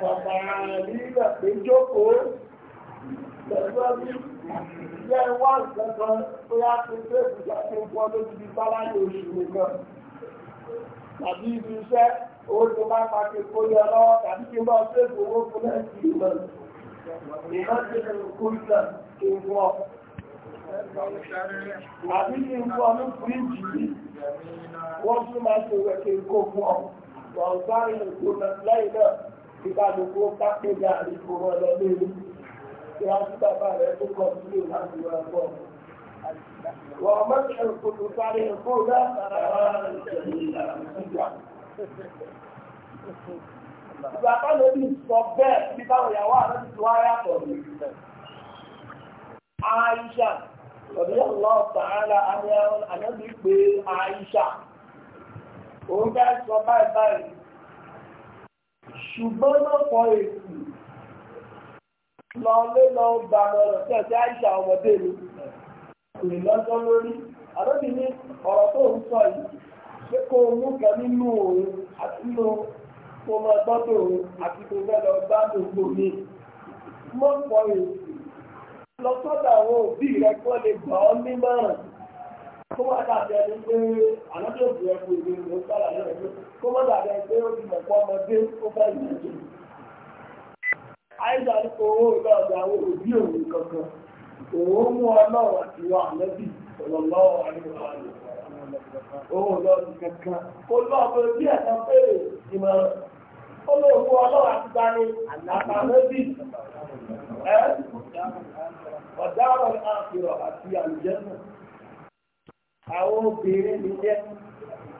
Fọ̀mọ̀rànlílà pé jókòó lọ́sọ́bí jẹ́ wá ìjọkan tó yá tó tó ìbùjá tó pọ́ lójú bí sáláyé oṣù nìkan. Tàbí ibi iṣẹ́ owó tó bá pàṣẹ kó yẹ lọ́wọ́ tàbí kí n bá ṣe ìgbòho fún lẹ́sì ìmọ̀. Ìrántí ìrìnkú ìjà kí n fọ́. Tàbí kí n fọ́ ní fíríjì yìí, wọ́n tún máa ṣe wẹ̀ kí n kó fún ọ wà ó bá rìn òkú lẹ́yìn náà kí kálukú ká pé gàrí kó wọn lọ léwu kí wọ́n tún bàbá rẹ̀ tó kọ̀ sílé láti wọ́n bọ̀. wọ́n mọ̀tò òkú sáré òkú náà àwọn ìṣẹ̀lẹ̀ ìlànà ìjà. Ìgbà táwọn ẹbí sọ bẹ́ẹ̀ bí báwọn òun bá sọ báyìí báyìí ṣùgbọ́n lọ́pọ̀ èsì lọ lé lọ gbà lọ́rọ̀ tí ọ̀sẹ̀ àìsà ọmọdé mi kò lè lọ́jọ́ lórí àlóbi ní ọ̀rọ̀ tó ń sọ yìí pé kó o mú kan nínú òun àti nínú kó o máa gbọ́dọ̀ òun àti kó o fẹ́ lọ bá gbogbo mi mọ́pọ̀ èsì lọ sọ́dọ̀ àwọn òbí rẹ kó lè gbà ọ́ nímọ̀ràn. kó má dàbí ẹni pé àwọn obìnrin ní jẹ́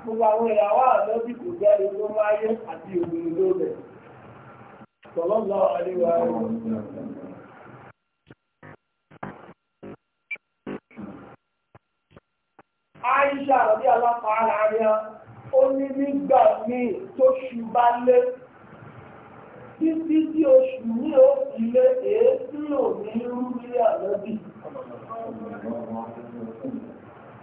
gbogbo àwọn ìyàwó àlọ́bí kò jáde tó máa yẹ àti òmìnir ló bẹ̀. Sọlọ́lọ́ àríwá rẹ̀. Aisha àbí alápàá láàrin ó ní nígbà míì tó ṣùgbà lé títí tí oṣù ní òkìlé èéfín òní rú nílé àlọ́bí.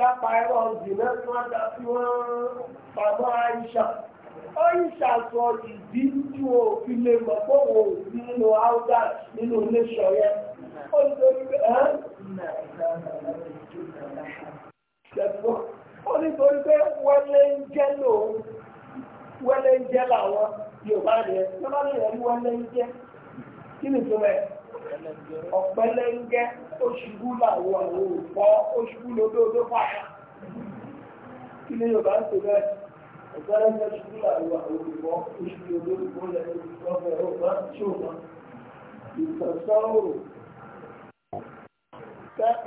àdápa ẹ̀rọ ìdìnnà tí wọ́n dá sí wọ́n pamọ́ àìṣà ó ń ṣàtọ̀ ìdí tí o fi lè mọ̀ pé o sí nínú áúdà nínú iléṣọ̀ yẹn ó ń torí pé ẹ́ ó ní torí pé wẹ́lẹ́ ń jẹ́ lòun wẹ́lẹ́ ń jẹ́ làwọn Yorùbá rẹ̀ lọ́wọ́ rẹ̀ wẹ́lẹ́ ń jẹ́ kí ni tó rẹ̀ ọ̀pẹ́lẹ́ ń jẹ́ oṣùgbú làwọ̀ àwọn òpó oṣùgbú lódódó pàtà kí ní Yorùbá ń tẹ̀lé ọ̀gbẹ́rẹ́ ní oṣùgbú làwọ̀ àwọn òpó oṣùgbú lódódó pọ́lẹ̀ lọ́fẹ̀ẹ́ ọ̀gbá tí ó mọ́ ìtọ̀sọ́rò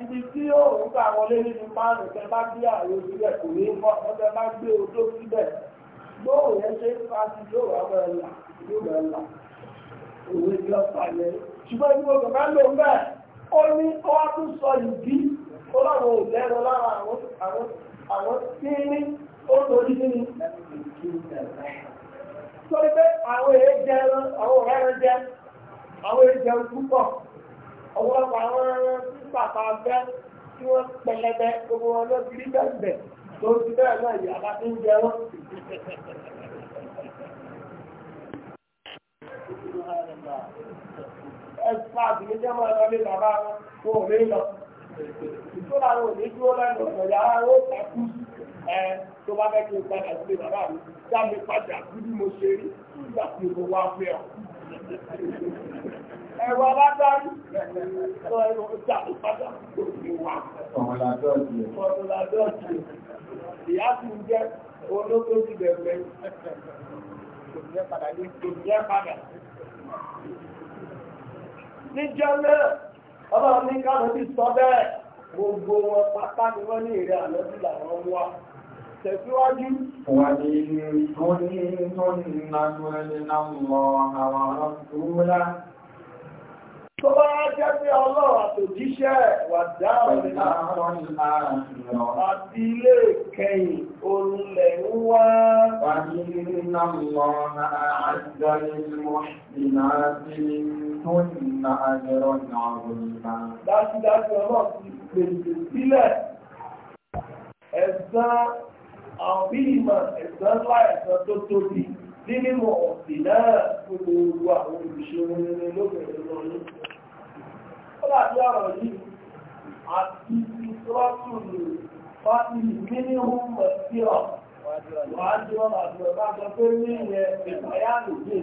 ibi tí òun gbà wọlé nínú márùn tẹ bá gbé àrò síbẹ̀ kò ní mọ́ wọ́n tẹ bá gbé odó síbẹ̀ gbóòrùn yẹn ṣe ń fa sí yóò wá mọ́ ẹ̀là yóò mọ́ ẹ̀là òun ó ní ó wá tún sọ ìdí ó láwọn ò lẹ́rọ lára àwọn àwọn àwọn tí ní ó lórí nínú sórí pé àwọn èèyàn jẹ àwọn ọ̀rẹ́ rẹ jẹ àwọn èèyàn jẹun púpọ̀ ọ̀pọ̀lọpọ̀ àwọn pàpà fẹ́ tí wọ́n pẹlẹbẹ gbogbo wọn ló fi rí bẹ́ẹ̀ tó ti bẹ́ẹ̀ náà yìí àbáfí ń jẹ wọn. Thank you expert ní jẹ́ mọ́ ẹ̀rọ lé bàbá wọn ò lè lọ. ìṣúra wọn ò ní dúró lẹ́nu ọ̀sẹ̀ yàrá wọn ó takú ẹ tó bá fẹ́ kí n padà sílé bàbá mi dá mi padà bí bí mo ṣe rí nígbà tí mo wá fẹ́ ọ. ẹ̀rọ tó fi wá. ìyá sì ń jẹ́ olókòjì bẹ̀rẹ̀ kò padà ní kò padà níjọ́ náà ọlọ́run ní káwọn ti sọ bẹ́ẹ̀ gbogbo wọn pátá ni wọ́n ní èrè àlọ́bí làwọn wá tẹ̀síwájú. Wà ní ìrìn tó ní tó ní tó bá jẹ́ pé ọlọ́run àtòjíṣẹ́ wà dáhùn àti ilé kẹyìn olùlẹ̀ ń wá. Fàyínà lọ àjọ ìmọ̀ ìnára sí tó nà àjọrọ náà ròyìnbá. Dájúdájú ọlọ́run ti pèsè sílẹ̀ ẹ̀san àwọn bílímọ̀ ẹ̀san ńlá ẹ̀san tó tóbi. Nínú ọ̀sìn náà, gbogbo àwọn olùṣòro nínú lóbìnrin lọ́yìn. Fọ́láàdé ọ̀rọ̀ yìí àti ìtọ́tùlù bá ti ní ní ọmọ sí ọ̀. Wàájú ọ̀nà àti ọ̀bá sọ pé ní ilẹ̀ ìgbàyàlù dé,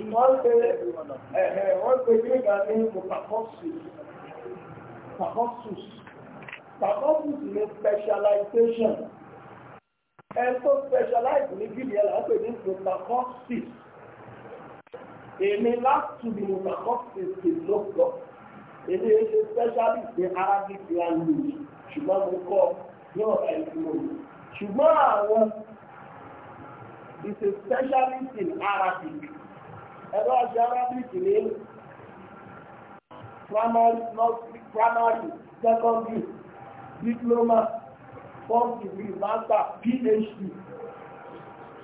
ìmọ̀ ń pe ẹ̀hẹ̀ wọ́n pe ní ìgbà ní mo kàkọ́ sí tahosus tahosus ní specialization ẹni tó specialize ní bíbí ẹ̀ là ń pè ní protahosis èmi láti bí protahosis ti lóko èmi ẹ̀ ṣe specialist ní Arabic language ṣùgbọ́n mo kọ́ ní ọ̀rọ̀ ìṣòro ṣùgbọ́n àwọn is a specialist in Arabic ẹ̀rọ ọ̀ṣẹ́ Arabic ní primary north primary secondary diploma first degree master phd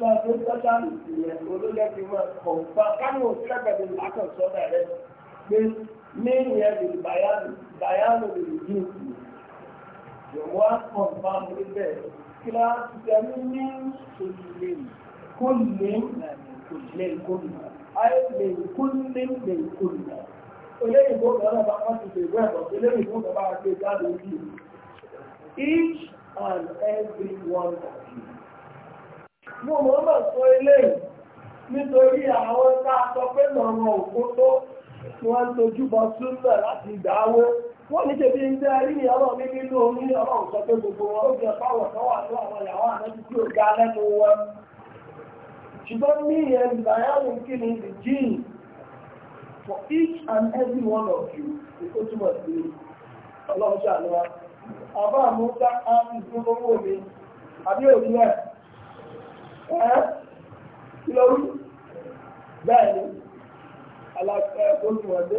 ṣàtò specialist yẹn olóyèké wọn kọ̀ǹfà kánú òṣìlẹ̀gbẹ̀dẹ̀ lákàtọ̀ bẹ̀rẹ̀ pé ní ìyẹn lè bàyánù bàyánù lè yí ìwọ kọ̀ǹfà mi bẹ̀rẹ̀ kíláàsì tẹ̀lé ní òṣìlẹ̀ kó lè kó lè kó lè ayé lè kó lè lè kó lè olóyìnbó kan bá wọ́n ti fèrè ẹ̀bọ̀ olóyìnbó kan bá gbé jáde ojú each and every one of you mo mọ̀ mọ̀ sọ eléyìí nítorí àwọn tá a sọ pé lọ́rọ̀ òkú tó wọ́n ń tojú bọ súnmọ̀ láti dáwó wọ́n ní ṣe bí ń jẹ́ rí ọ̀rọ̀ mi nínú omi ọ̀rọ̀ sọ pé gbogbo wọn ó jẹ fáwọn tó wà ní àwọn ìyàwó àmọ́jú tí ó ga lẹ́nu wọn ṣùgbọ́n ní ìyẹn ìgbà yàrá kí ni the gene for each and every one of you ó túmọ̀ sí ọlọ́run ṣàlùwà àbá àmúta á ti fún owó mi àbí òní ẹ̀ ẹ́ kí ló bẹ́ẹ̀ ni alákẹ́ẹ̀kọ́ tí wọ́n dé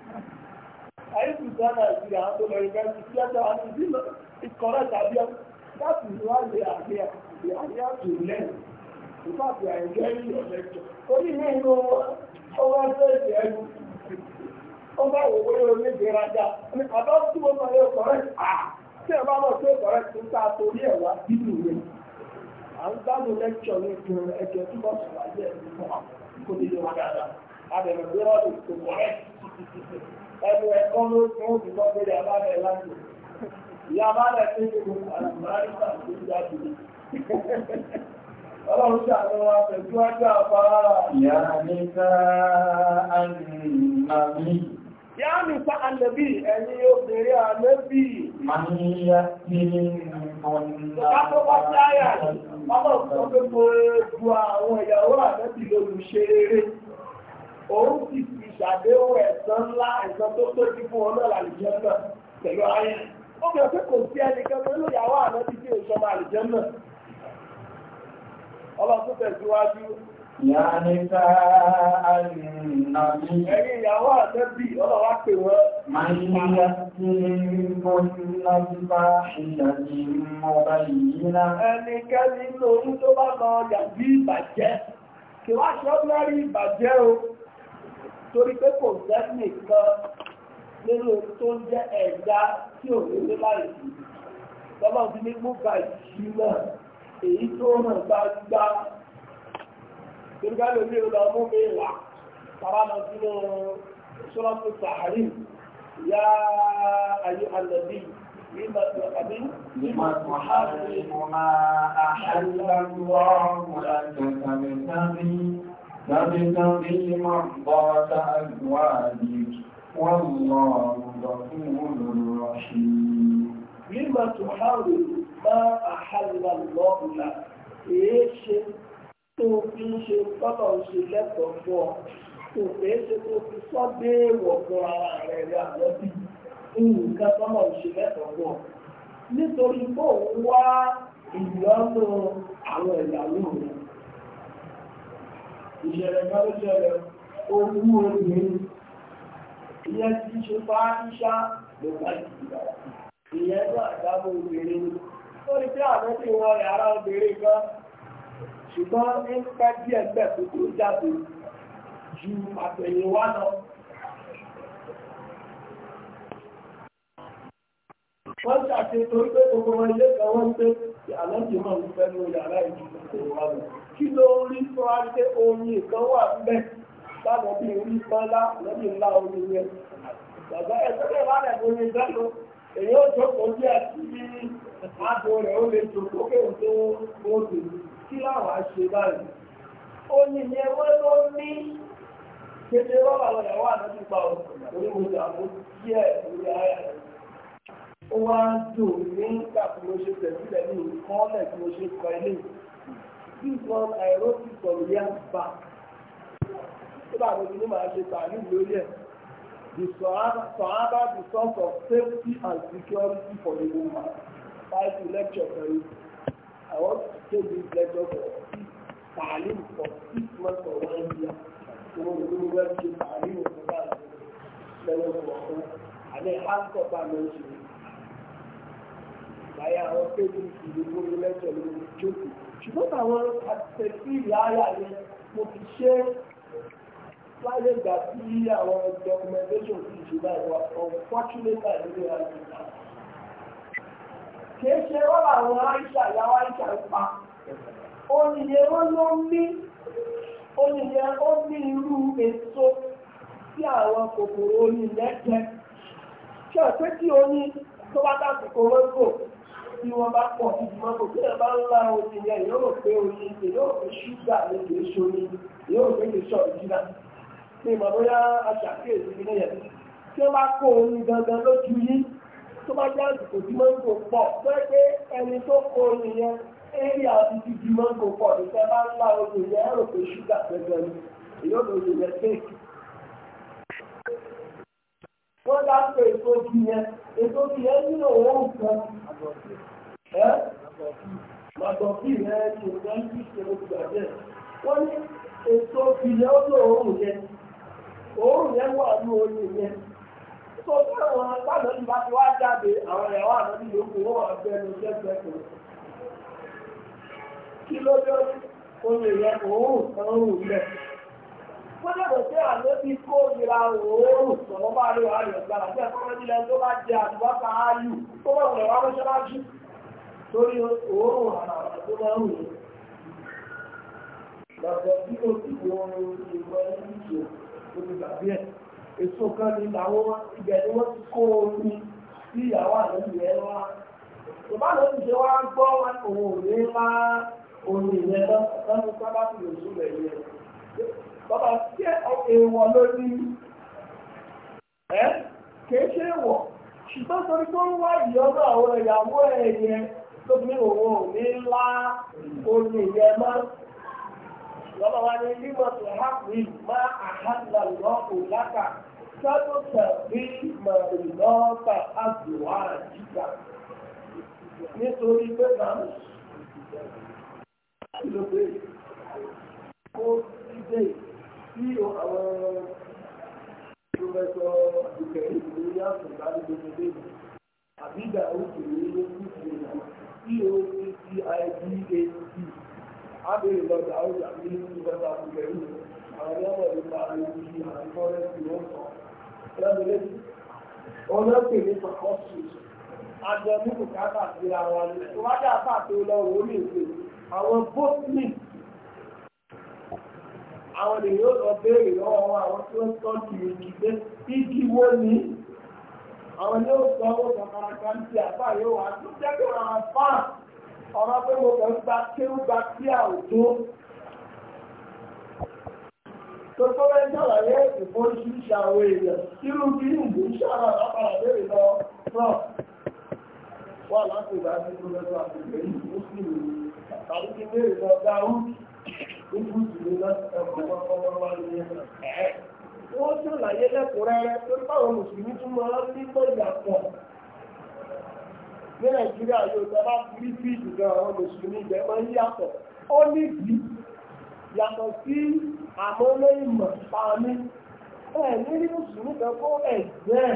I used to tell Nigeria and America to get out and it's, it's correct idea. That is why they are here. They to learn. In fact, they are enjoying your lecture. Only me know over thirty years. Ọba òwe omi gbèrágà ni bàbá tí wọ́n máa yọ correct à tí ẹ bá mọ̀ correct ń ta torí ẹ̀ wá bínú rẹ̀. À ń gbádùn ní ẹ̀jẹ̀ tí ẹ̀ nípa kò ní wá dáadáa. ẹnu ẹ̀kọ́ ló tí wọ́n ti gbọ́ pé ìyá bá rẹ̀ láti ìyá bá rẹ̀ tó ti kò àlùmọ́ráìsà tó ń jáde ọlọ́run ṣàlọ́ wa pẹ̀lú ọjọ́ àpárá ìyá nípa àmì Yá mi fa àlẹ́bí ẹni obìnrin àlẹ́bí. Àníyá ti ọ̀nà. Kápọ́ ọmọ òkú tó gbogbo ẹgbù àwọn ìyàwó àlẹ́bí lórí ṣe eré òun sì fi ṣàdéhùn ẹ̀san ńlá ẹ̀san tó tóbi fún ọlọ́ọ̀lá àlùjẹ́ náà pẹ̀lú ayé ó bẹ̀rẹ̀ pé kò sí ẹnìkan pẹ̀lú ìyàwó ànábì tí èso ọmọ àlùjẹ́ náà ọlọ́tún tẹ̀síwájú Yàníká àrìnàbí. Ẹ̀yìn ìyàwó àtẹ́bí ọlọ́wà pè wọ́n. Máa ń yá sí mọ́ nílá bá ìyàní mọ́ bá yìí ná. Ẹnikẹ́ nínú orí tó bá lọ yàgbí ìbàjẹ́. Kìwá ṣọ́gbárí ìbàjẹ́ o torí pé kò sẹ́ni kan nínú tó ń jẹ́ ẹ̀dá tí ò ní ní láì sí lọ́lọ́ ti ní mú ba ìṣí náà èyí tó hàn gbangba torí ká lórí ọlọ́ mú mi là sábà lọ sínú sọ́lọ́pù sàárì yá ayé alẹ́bí nígbà tó àbí nígbà tó há sí ọmọ àhàlá lọ́wọ́ mú láti ọ̀sán mi تبتغي مرضات أزواجك والله غفور رحيم لما تحاول ما أحل الله لك إيش tó fi ń ṣe tọ́lọ̀ ń ṣe lẹ́tọ̀ọ́ fún ọ kò fẹ́ ṣe tó fi sọ́ déèwọ̀ fún ara rẹ̀ rẹ̀ àlọ́bí nǹkan tọ́lọ̀ ń ṣe lẹ́tọ̀ọ́ fún ọ nítorí bó ń wá ìyọ́nú àwọn ìyàwó rẹ̀ ìṣẹ̀lẹ̀ mẹ́lẹ́ṣẹ̀lẹ̀ owó obìnrin ìyẹn ti ṣe fáṣíṣá lọ́gbà ìgbà ìyẹn tó àdámọ́ obìnrin ó rí pé àwọn tí wọ́n rẹ̀ ara obìnrin kan ṣùgbọ́n ń pẹ́ díẹ̀ bẹ̀ tó tó jáde ju àtẹ̀yìnwá lọ wọ́n ṣàṣe torí pé gbogbo ilé kan wọ́n ń pé aláǹtí máa ń fẹ́ lórí yàrá ìdíkòkòrò kí ló rí fún wa pé oyin kan wà níbẹ̀ láwọn bí orí pọ́nlá lọ́bí ńlá omi yẹn bàbá ẹ̀sọ́ lè wà lẹ̀ lórí ìdájọ́ èyí ó jókòó bí àti àdó rẹ̀ ó lè jókòó kí òun tó kí láwọn àṣe báyìí oyin yẹn wọ́n ló ní kéde rọ́bà lọ́yàwó àdájú pa òun ó wá ń dùn nígbà tí mo ṣe tẹ̀sílẹ̀ ní ìkọ́lẹ̀ tí mo ṣe kọ ilé sísan àìrótì sọ̀rọ̀ yá bá tó bá mi ní màá ṣe tààlú lórí ẹ̀ the sahaba the source of safety and security for the woman five lecture for you i want to take this lecture for tààlú for six months or one year So tí mo ní wọ́n ṣe tààlú òkúta lẹ́yìn ọ̀sán àti hard half of ń ṣe àyà àwọn tẹ́lẹ̀ ìlú orí lẹ́jọ̀ lórí jókòó ṣùgbọ́n táwọn àtẹ̀sí ìyáàyà yẹn mo fi ṣe láyé ìgbà tí àwọn documentation ti ṣe báyìí wà unfortunately nínú àgbègbè kìí ṣe wọ́n àwọn àìṣà ìyàwó àìṣà ń pa oníyẹ wọn ló ń ní oníyẹ ó ní irú èso tí àwọn kòkòrò onílẹ̀ jẹ ṣe ọ̀pẹ́ tí oní tó bá dàsìkò wọn kò tí wọ́n bá pọ̀ sí mọ́tò tí ẹ bá ń lá omi yẹn yóò pé omi ìpè yóò pé ṣúgà ní kì í ṣomi yóò pé kì í ṣọ ìjìnà ní ìmọ̀ bóyá aṣàkíyèsí ilé yẹn tí wọ́n bá kó omi gangan lójú yìí tó bá jẹ́ àsìkò tí mọ́tò pọ̀ tó pé ẹni tó kó omi yẹn eré àti ti di mọ́tò pọ̀ ní tẹ́ bá ń lá omi yẹn yóò pé ṣúgà gangan yóò lò lè yẹn wọ́n dá pé ètò ìyẹn ètò ìyẹn nínú òun kan ẹ́ wọ́n ní ètò ìpìlẹ̀ ó oòrùn yẹn oòrùn yẹn wà ní oyin yẹn tó táwọn agbábọ̀ ti bá ti wá jáde àwọn ẹ̀wọ̀n àná ní ìlú kò bẹ́ẹ̀ ní ọjọ́ kí ló dé yẹn oòrùn kan oòrùn yẹn Ó lọ́dọ̀ tí àlọ́ ti kó ìra òórùn sọ̀rọ̀ bá rí ààrẹ ọ̀gbára tí ẹ̀kọ́ nílẹ̀ tó bá jẹ àdúgbàta áyù tó bá wùlẹ̀ wá mọ́ṣáláṣí torí òórùn àrà tó máa ń rìn. Lọ́dọ̀ tí ó ti wọ ìwọ ẹni jù tó ti gbàgbé ẹ̀. Èso kan ni làwọn ibẹ̀ ni wọ́n ti kó omi sí ìyàwó àlọ́ ìyẹn wá. Ìbálò ń ṣe wá ń gbọ́ òun ò ní máa omi ìyẹn lọ, ọ̀sán ní sábà fi òṣù rẹ̀ yẹ. bàbá ṣé èèwọ̀ ló ní ẹ́ kìí ṣe èèwọ̀ ṣùgbọ́n torí tó ń wá ìyọ́nà àwọn ìyàwó ẹ̀yẹ tó ní òun ní lá omi ìyẹn mọ́ lọ́wọ́ wa ní límọ̀ tó hápì má àhàlà lọ́kù lákà sọ́dọ̀ tàbí màrìlọ́ọ̀tà àdùwà àjíjà nítorí pé náà tí àwọn pọfẹsọ ìkẹyìn ìlú yàtọ̀ ìbálòpọ̀ ìdílé mi àbí ìgbà òkè ní ló kú sí ìlú eoccibad abèrè lọ́dà ọjà ní ìjọba ìkẹyìn àwọn ọmọ ìgbà ìlú àwọn fọ́rẹ́sì wọn sọ lẹ́nu lẹ́nu ọ̀nà pè ní pàkọ́sì àjọ ní bùkátà sí ara rẹ̀ wájà pàtó lọ́wọ́ orí èdè àwọn bóṣìlì àwọn lè yóò lọ béèrè lọ́wọ́ àwọn tí ó tọ́jú igi pé igi wo ni àwọn ni ó sọ owó kankan kan ti àbá yóò wá tó jẹ́ pé àwọn afá ọ̀rọ̀ pé mo kàn gba kéwú gba sí àwùjọ tó tó bẹ́ ṣàlàyé ìfọ́ ìṣiṣẹ́ àwọn èèyàn irú bí ìlú ṣàrà lápàdà béèrè lọ náà wà láti ìgbà tí mo lọ́dọ̀ àgbègbè yìí ó sì rò tàbí kí lọ dáhùn wọ́n ṣàlàyé lẹ́kùnrẹ́rẹ́ tó báwọn mùsùlùmí tún máa ń ní gbọ́dọ̀ pọ̀ ní nàìjíríà yóò tọ́ bá fi sí ìdùnnà àwọn mùsùlùmí ìgbẹ́ máa ń yàtọ̀ ó nídìí yàtọ̀ sí àmọ́lẹ́ ìmọ̀ pàmí ẹ̀ nírí mùsùlùmí kan kó ẹ̀jẹ̀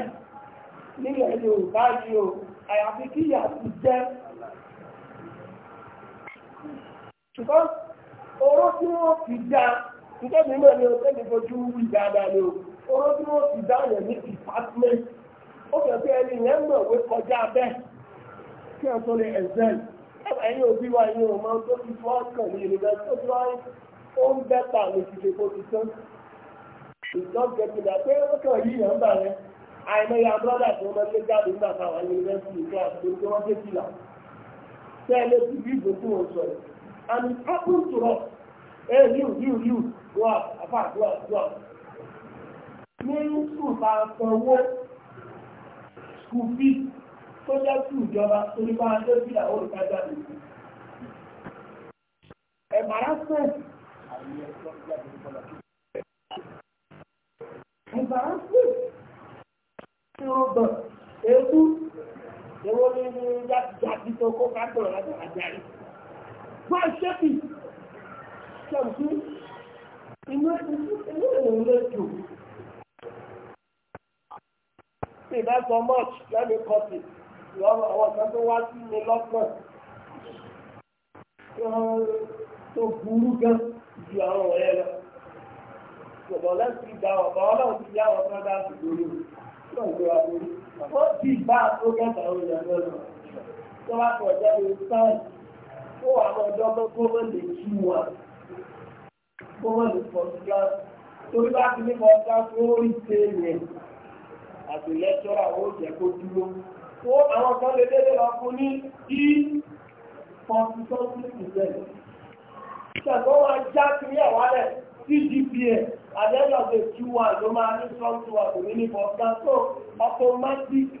nílẹ̀ yorùbá yìí o àyàfi kí yàtọ̀ jẹ́ ṣùgbọ́n oró tí wọ́n fi dá nítorí náà ni ọ̀sẹ̀ ní fojú wí dáadáa ni o oró tí wọ́n fi dá yẹn ní department ó fẹ́ pé ẹni yẹn mọ̀ wé kọjá bẹ́ẹ̀ kí ẹ tó lè ẹ̀sẹ̀ ẹ̀yin òbí wa ẹ̀yin ò máa tó ti fọ́ kàn ní yunifásitì ó ti wáyé ó ń bẹ́tà ní ìṣiṣẹ́ kó ti tán ìtọ́gẹ̀dẹ̀dà pé ó kàn yí tí wọ́n máa lé jáde nígbà and it happened to us hey you you you go out afa go out go out ní sùn ta sanwó school fee tó jẹ́ sí ìjọba torí bá a dé sí àwọn olùkájà lè fi ẹ̀bàrá sẹ́ẹ̀ ẹ̀bàrá sẹ́ẹ̀ tí ó bọ̀ ewu èwo ni jáde jáde tó kó ká tó lọ́jà àjárí bá ṣẹ́kì ṣàǹtí inú ìrìn lè jù sí ìbá so much lẹ́nu kọ́tì lọ́wọ́ àwọn ọ̀sán tó wá sí mi lọ́kàn tó burú gan ju àwọn ọ̀rẹ́ lọ ṣùgbọ́n lẹ́sìn ìgbà ọ̀bá ọlọ́run ti yá ọ̀sán láti lórí náà ló wà lórí ó ti bá àtúgbàtà òun yàn lọ́nà tó wá pọ̀ jáde kó àwọn ọ̀dọ́ mọ́ kó mọ́ lè tú wa kó mọ́ lè fọ́ sí wa torí bá ti ní kọ́ ká tó rí ṣe yẹn àti lẹ́tọ́rà ó jẹ́ kó dúró kó àwọn kan lè dédé lọ fún ní í forty something percent ṣàgbọ́ máa já kiri ẹ̀wá rẹ̀ cgpa àdéhùn ọ̀sẹ̀ tí wà ló máa ní sọ́ọ̀tù wà kò ní ní bọ̀ọ̀gá tó automatic ní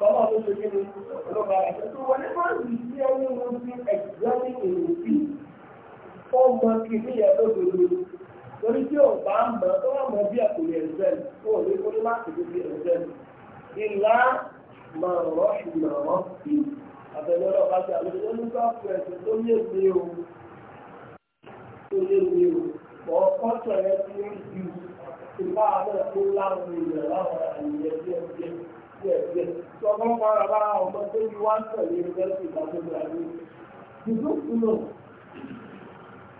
Bọ́lá tó ṣe kí ni olóba rẹ̀ tó wọlé máa ń rí sí ẹni wọn sí ẹ̀gbọ́nì èrò sí. Ó mọ kìíní yẹn tó dodo. Torí tí ò bá mọ̀ tó wà mọ̀ bí ẹ̀kọ́ yẹn zẹ̀ tó ò lè kó ní láti fi fi ẹ̀ zẹ̀. Ìlà màrọ̀ ìmọ̀ràn sí. Àbẹ̀lẹ̀ ọlọ́ba ti àlejò ló ní sọ́ọ̀fù ẹ̀sìn tó yé mi o. Tó yé mi o. Mọ̀ kọ́tọ̀ yẹn ti rí ju ìfáàmọ́ tó láwọn èèyàn láwọn àyè díẹ̀ díẹ̀ tí ọmọ mọ́ra bá ọmọ tó yí wá ń tẹ̀lé yunifásitì ìdádójú ayé ìdúró kúlò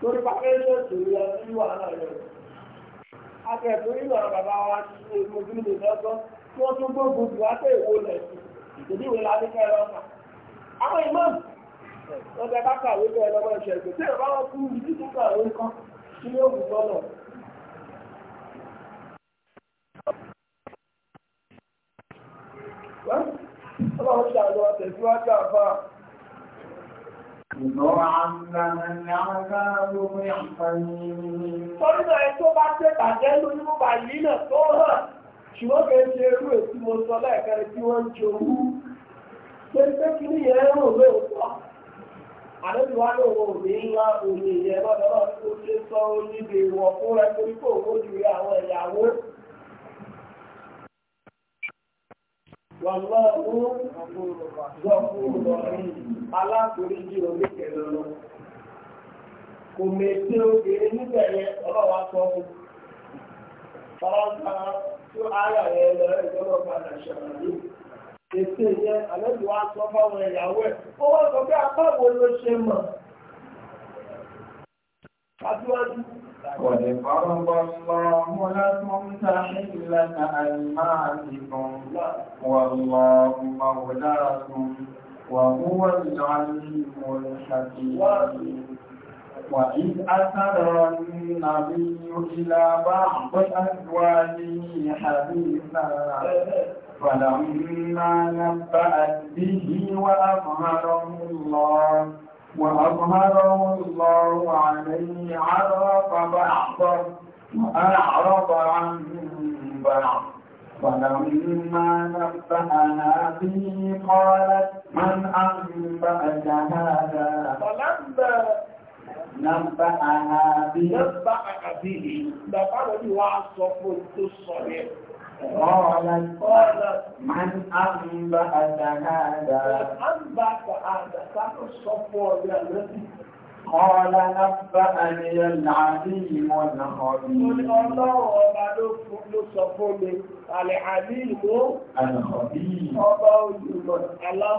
lórí pàkẹ́yìn òtò ìyá sí wàhálà rẹ̀ akẹ́kọ̀ọ́ yìí lọ́rọ̀ bàbá wa ní èmi ojú lè lọ́gbọ́ tí wọ́n tún gbógun jù wá pé èwo lẹ̀ sí ìdílé ìwé láti fẹ́ lọ́ mà àwọn ìmọ̀ lọ́jọ́ bá kàwé bẹ́ẹ̀ lọ́wọ́ ìṣẹ̀gbẹ̀ tí ìrọ̀bá wọn kú ìdí Ọlọ́run ṣàlọ́ tẹ̀síwájú àfáà. Sọ́rílẹ̀ ẹ tó bá tẹ́ bàjẹ́ lórí mú bà yìí náà tó hàn, ṣùgbọ́n kẹ́ ṣe irú èsì mo sọ lẹ́ẹ̀kẹ́rẹ́ tí wọ́n ń jowú. Ṣé pé kí ní yẹn rò lóòótọ́? Àdébíwá ló wo òní ńlá òní ìyẹn lọ́dọ́lọ́ tó ṣe sọ ó níbi ìwọ̀ fún ẹ torí kò wó ju àwọn ìyàwó. wàlọ́ọ̀rún gbọ́kúrò rìn alákòóríjì oníkẹ̀ lọ́lọ́ kò mèsè obìnrin níbẹ̀ yẹn ọlọ́wà sọ fún ọlọ́ta tó ara rẹ̀ lọ ìjọba padà ṣàlàyé ètò yẹn àlejò wa sọ fáwọn ìyàwó ẹ̀ ó wọ́n sọ pé apá wo ló ṣe mọ̀ síwájú قد فرض الله لكم تحلة أيمانكم والله وَهُوَ وهو العليم وَإِذْ وإذ النَّبِيُّ إِلَى بَعْضِ بعض أزواجه حديثا فلما بِهِ به وأظهره وأظهره الله عليه عرف بعضا وأعرض عن بعض فلما نبأها به قالت من أنبأك هذا فلما نبأها به نبأك به لقد وعصفت الصليب قالت قالت من أنبأك هذا أنبأك هذا كان الصفوة الذي قال نبأني العليم الخبير الله وبعد العليم الخبير الله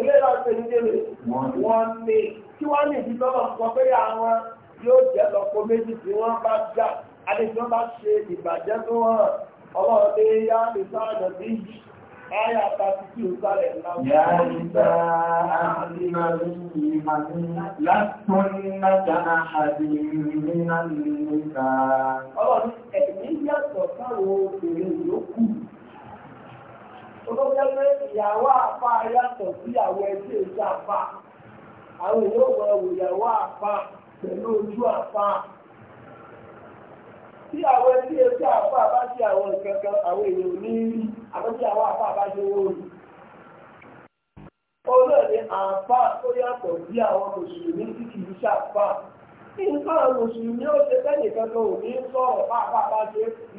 eléyà ṣe ń dèrè wọ́n ní kí wọ́n ní ìdílọ́lọ́ sọ pé àwọn yóò jẹ́ lọ́pọ̀ méjì tí wọ́n bá jà àti tí wọ́n bá ṣe ìbàjẹ́ tó hàn ọlọ́run lè yá lè sáàdọ̀ bí Aya tàbí tí ó sáré láwọn. Yá ìgbà àríwárí ìmàní látún nájàna àdìrí nínú ìlú náà. Ọlọ́run ẹ̀mí yàtọ̀ sáwọn obìnrin yóò kù olóòjẹ́ pé ìyàwó àpá yàtọ̀ sí ìyàwó ẹgbẹ́ ìṣe àpá àwọn èèyàn wọ ẹwò ìyàwó àpá pẹ̀lú ojú àpá tí àwọn ẹgbẹ́ ìṣe àpá bá ṣe àwọn nǹkan àwọn èèyàn ní rí àbẹ́ àpá bá ṣe wọ́n rí àpá tó yàtọ̀ sí àwọn mùsùlùmí tí kì í ṣàpá nǹkan mùsùlùmí ó ṣe fẹ́ nìkan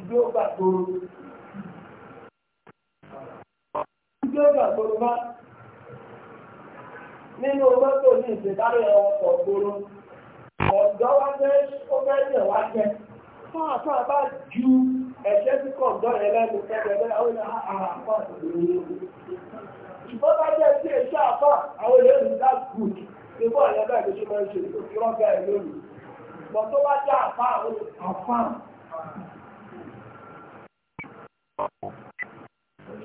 ní tí ó gbà gbòòrò bá nínú mọ́tò ní ìṣèkárí ọkọ̀ gbòòrò ọ̀dọ́ wa fẹ́ wá fún ẹ̀ṣẹ́ ah, sí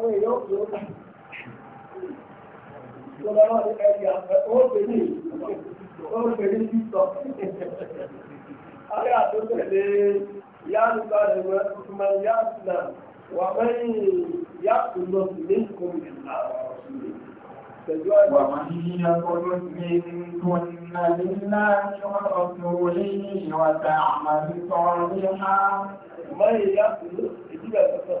àwọn èèyàn òkè ó kà. Ìjọba náà ní ẹ̀rí àpẹẹrẹ ó pè ní ó pè ní títọ̀. Ayé àtúntẹ̀lé yáàlú bá rẹ̀ wọ́n tuntun máa yáàlú náà wà mẹ́rin yáàlú lọ sí ní ìkórè àwọn ọ̀sùn yìí. ومن يقنت منكن لله ورسوله وتعمل صالحا من يقنت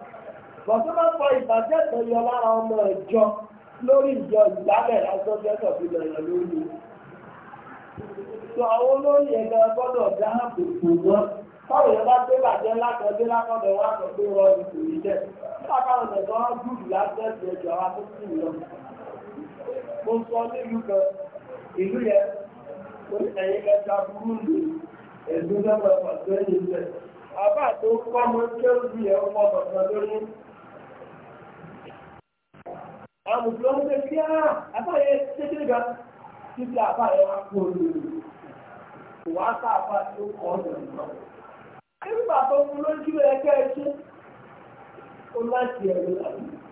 bọ̀tún máa fọ ìbàjẹ́ tó yọ lára ọmọ ìjọ lórí ìjọ ìgbàlẹ̀ asọ́jẹ́sọ̀ fi lọ̀yọ̀ lórí. Sọ àwọn olóyè ẹgbẹ́ gbọ́dọ̀ dáàbò bò wọ́n. Báwo yẹn bá gbé bàjẹ́ látọ̀dé látọ̀dọ̀ wá sọ pé wọ́n ti tòrí jẹ́. Nígbà táwọn ọ̀dọ́ wọn gùdù lásẹ̀sì ẹ̀jọ̀ wa tó kù lọ. Mo sọ nílùú kan, ìlú yẹn, ẹ̀yìn kẹta burú lù ẹ̀dùn lọ́wọ́ ẹ̀fọ̀ tó ń yẹ bẹ́ẹ̀. Àbá tó kọ́ mo ṣé ó di ẹ̀ ọmọ bàbá lórí àwọn mùsùlùmí wọn ah, ṣe kí á àbáyé kékeré ga títí àbáyé wa kú olóòlù kò wá ká àbá tó kọ́ ọ̀dọ̀ nìkan. nígbà tó ń lójú ẹgbẹ́ ẹṣin ó láti ẹ̀rọ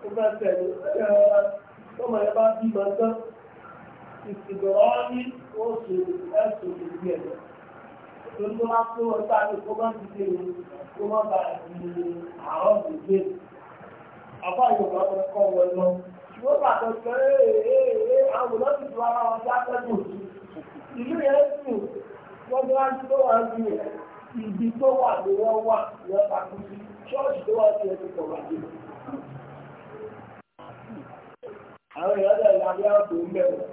ó bá tẹ̀lé ẹ̀rọ tọ́mọ ẹ bá bí ma tán ìsìnkọ̀rọ̀ ní oṣù ẹ̀sùn ìlú ẹ̀rọ tó bá tó ọ̀tá ní kó bá ti dé ní kó má bàa di àwọn òṣèlú àbáyé ọ̀gá ọkọ̀ yóò bàtọ̀ sọ ee àwọn olóòtú tó ara wọn já pẹ́jù ìlú yẹn sùn wọ́n bí wọ́n tó wà sí ẹ̀ ibi tó wà ní wọ́n wà wọ́n bá kú sí ṣọ́ọ̀ṣì tó wà sí ẹ̀ ti pọ̀ wájú. àwọn èèyàn lè lábẹ́ àpò ń bẹ̀rẹ̀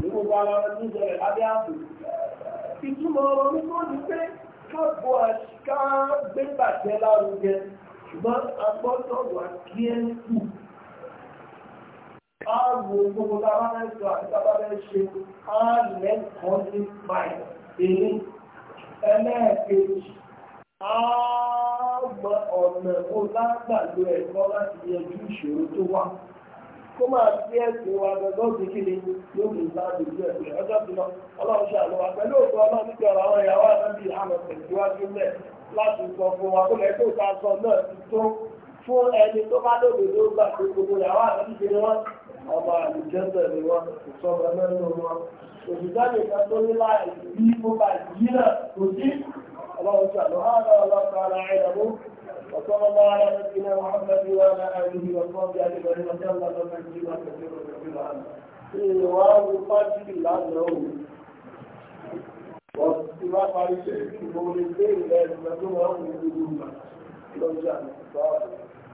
ní gbogbo ara wọn ní ìṣẹ̀lẹ̀ lábẹ́ àpò. ìtumọ̀ ọ̀rọ̀ mi kò ní pé káàbọ̀ àṣìká gbé bàjẹ́ lárugẹ ṣùgbọ́n agbọ́dọ̀ wà kí ẹ kù á wo gbogbo tá a bá fẹ́ sọ àti tá a bá fẹ́ ṣe á lẹ́kọ̀ọ́ ní báyìí èyí ẹlẹ́ẹ̀kejì á gbọ́ ọ̀nà ó lágbàdo ẹ̀kọ́ láti yanjú ìṣòro tó wà kó máa fi ẹ̀sìn wa gbẹ̀gbẹ́ òsì kíni yóò lè bá lójú ẹ̀sìn ọjọ́ tó lọ ọlọ́run ṣàlù wa pẹ̀lú òkú ọlọ́run níbi ọ̀rọ̀ àwọn ìyàwó àtàbí àmọ̀ tẹ̀síwájú ọmọ àlùjẹ́sẹ̀ ni wọ́n kò sọ́mọ mẹ́nu wọn òṣìṣẹ́ kan tó ní láì bí mo bá yí náà kò sí ọlọ́run sàlọ́ ààrẹ ọlọ́pàá ara ẹ̀dàmú وصلى الله على نبينا محمد وعلى اله وصحبه اجمعين وسلم تسليما كثيرا كثيرا رواه الفاتح لانه واختلاف على الشيخ بقول الدين لا يلزمه من الامه لو جاء